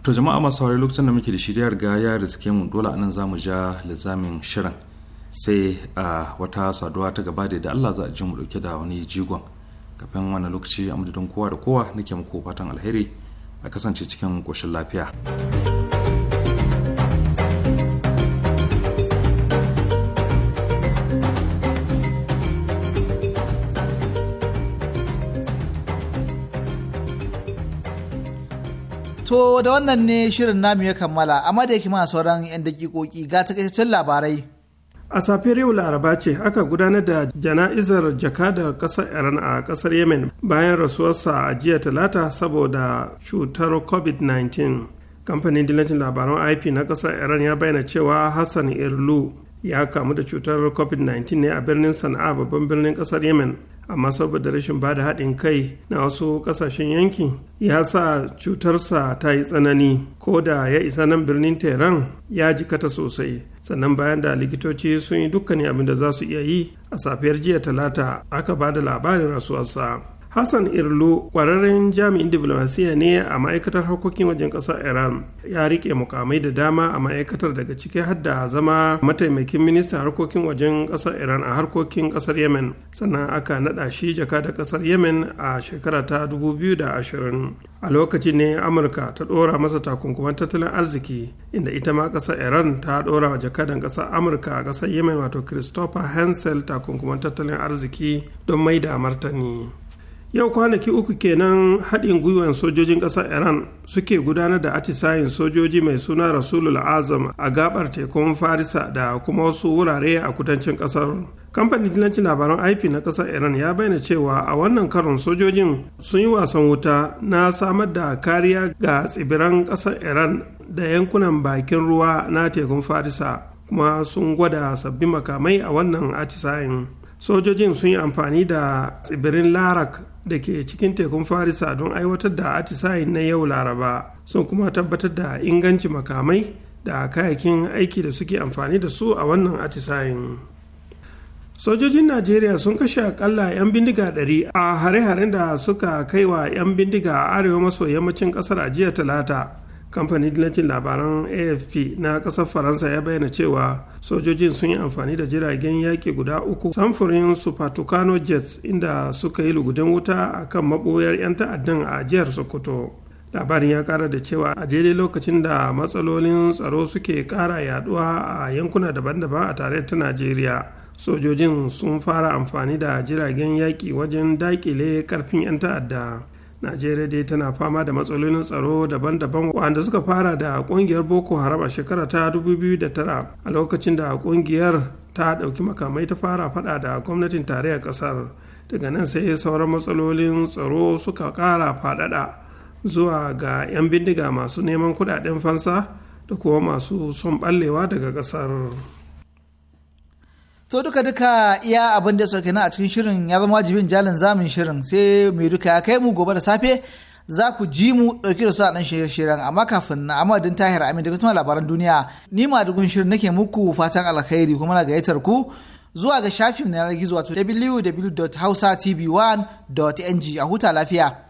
to jama'a masu hauri lokacin da muke da shirya ga ya riske mu dole anan zamu ja lizamin shirin sai a wata saduwa ta gaba da da Allah za a ji mu dauke da wani jigon kafin wani lokaci a madadin kowa da kowa nake muku fatan alheri a kasance cikin koshin lafiya. To da wannan ne shirin namu ya kammala amma da yake ma sauran 'yan dakikoki ga takaitaccen labarai. A safiyar yau Laraba ce aka gudanar da jana'izar jakadar ƙasar Iran a ƙasar Yemen bayan rasuwarsa a jiya talata saboda cutar COVID-19. Kamfanin dillancin labaran IP na ƙasar Iran ya bayyana cewa Hassan Irlu ya kamu da cutar covid-19 ne a birnin sana'a babban birnin kasar yemen amma saboda rashin ba da haɗin kai na wasu ƙasashen yankin ya sa cutarsa ta yi tsanani ko da ya isa nan birnin tehran ya jikata sosai sannan bayan da likitoci sun yi dukkanin abin da za su iya yi a safiyar jiya talata aka ba da labarin rasuwarsa Hassan Irlu kwararren jami'in diplomasiya ne a ma'aikatar harkokin wajen ƙasar Iran ya rike mukamai da dama a ma'aikatar daga ciki har da zama mataimakin Minista harkokin wajen ƙasar Iran a harkokin ƙasar Yemen sannan aka naɗa shi jaka da ƙasar Yemen a shekara ta 2020 a lokacin ne Amurka ta ɗora masa takunkuman tattalin arziki inda ita ma ƙasar Iran ta ɗora wa jakadan ƙasar Amurka a ƙasar Yemen wato Christopher Hansel takunkuman tattalin arziki don mai da martani. yau kwanaki uku kenan haɗin gwiwan sojojin ƙasar iran suke gudanar da atisayin sojoji mai suna rasulul azam a gabar tekun farisa da kuma wasu wurare a kudancin ƙasar kamfanin dillancin labaran ip na ƙasar iran ya bayyana cewa a wannan karon sojojin sun yi wasan wuta na samar da kariya ga tsibiran ƙasar iran da yankunan bakin ruwa na tekun farisa kuma sun gwada sabbin makamai a wannan atisayin sojojin sun yi amfani da tsibirin larak da ke cikin tekun farisa don aiwatar da atisayin na yau laraba sun kuma tabbatar da inganci makamai da kayakin aiki da suke amfani da su a wannan atisayin sojojin najeriya sun kashe akalla 'yan bindiga 100 a hare-haren da suka kai wa 'yan bindiga a arewa maso yammacin kasar a jiya talata kamfanin dillacin labaran afp na ƙasar faransa ya bayyana cewa sojojin sun yi amfani da jiragen yaƙi guda uku samfurin Supertucano jets inda suka yi lugudan wuta a kan maɓoyar 'yan ta'addan a jihar sokoto labarin ya ƙara da cewa a daidai lokacin da matsalolin tsaro suke ƙara yaduwa a yankuna daban-daban a tare ta najeriya sojojin sun fara amfani da jiragen yaƙi wajen daƙile ƙarfin 'yan ta'adda najeriya dai tana fama da matsalolin tsaro daban-daban wanda suka fara da kungiyar boko haram a shekara ta 2009 a lokacin da kungiyar ta ɗauki makamai ta fara fada da gwamnatin tarayyar ƙasar daga nan sai sauran matsalolin tsaro suka ƙara faɗaɗa zuwa ga 'yan bindiga masu neman kuɗaɗen fansa da kuma masu son ɓallewa daga ƙasar. to duka duka iya abin da suka kenan a cikin shirin ya zama wajibin jalin zamin shirin sai mai duka ya kai mu gobe da safe za ku ji mu ɗauke da su a ɗan shirye-shiryen amma kafin na amadin tahir amin da kuma labaran duniya ni ma dugun shirin nake muku fatan alkhairi kuma na gayyatar ku zuwa ga shafin na yanar gizo wato www.hausatv1.ng a huta lafiya.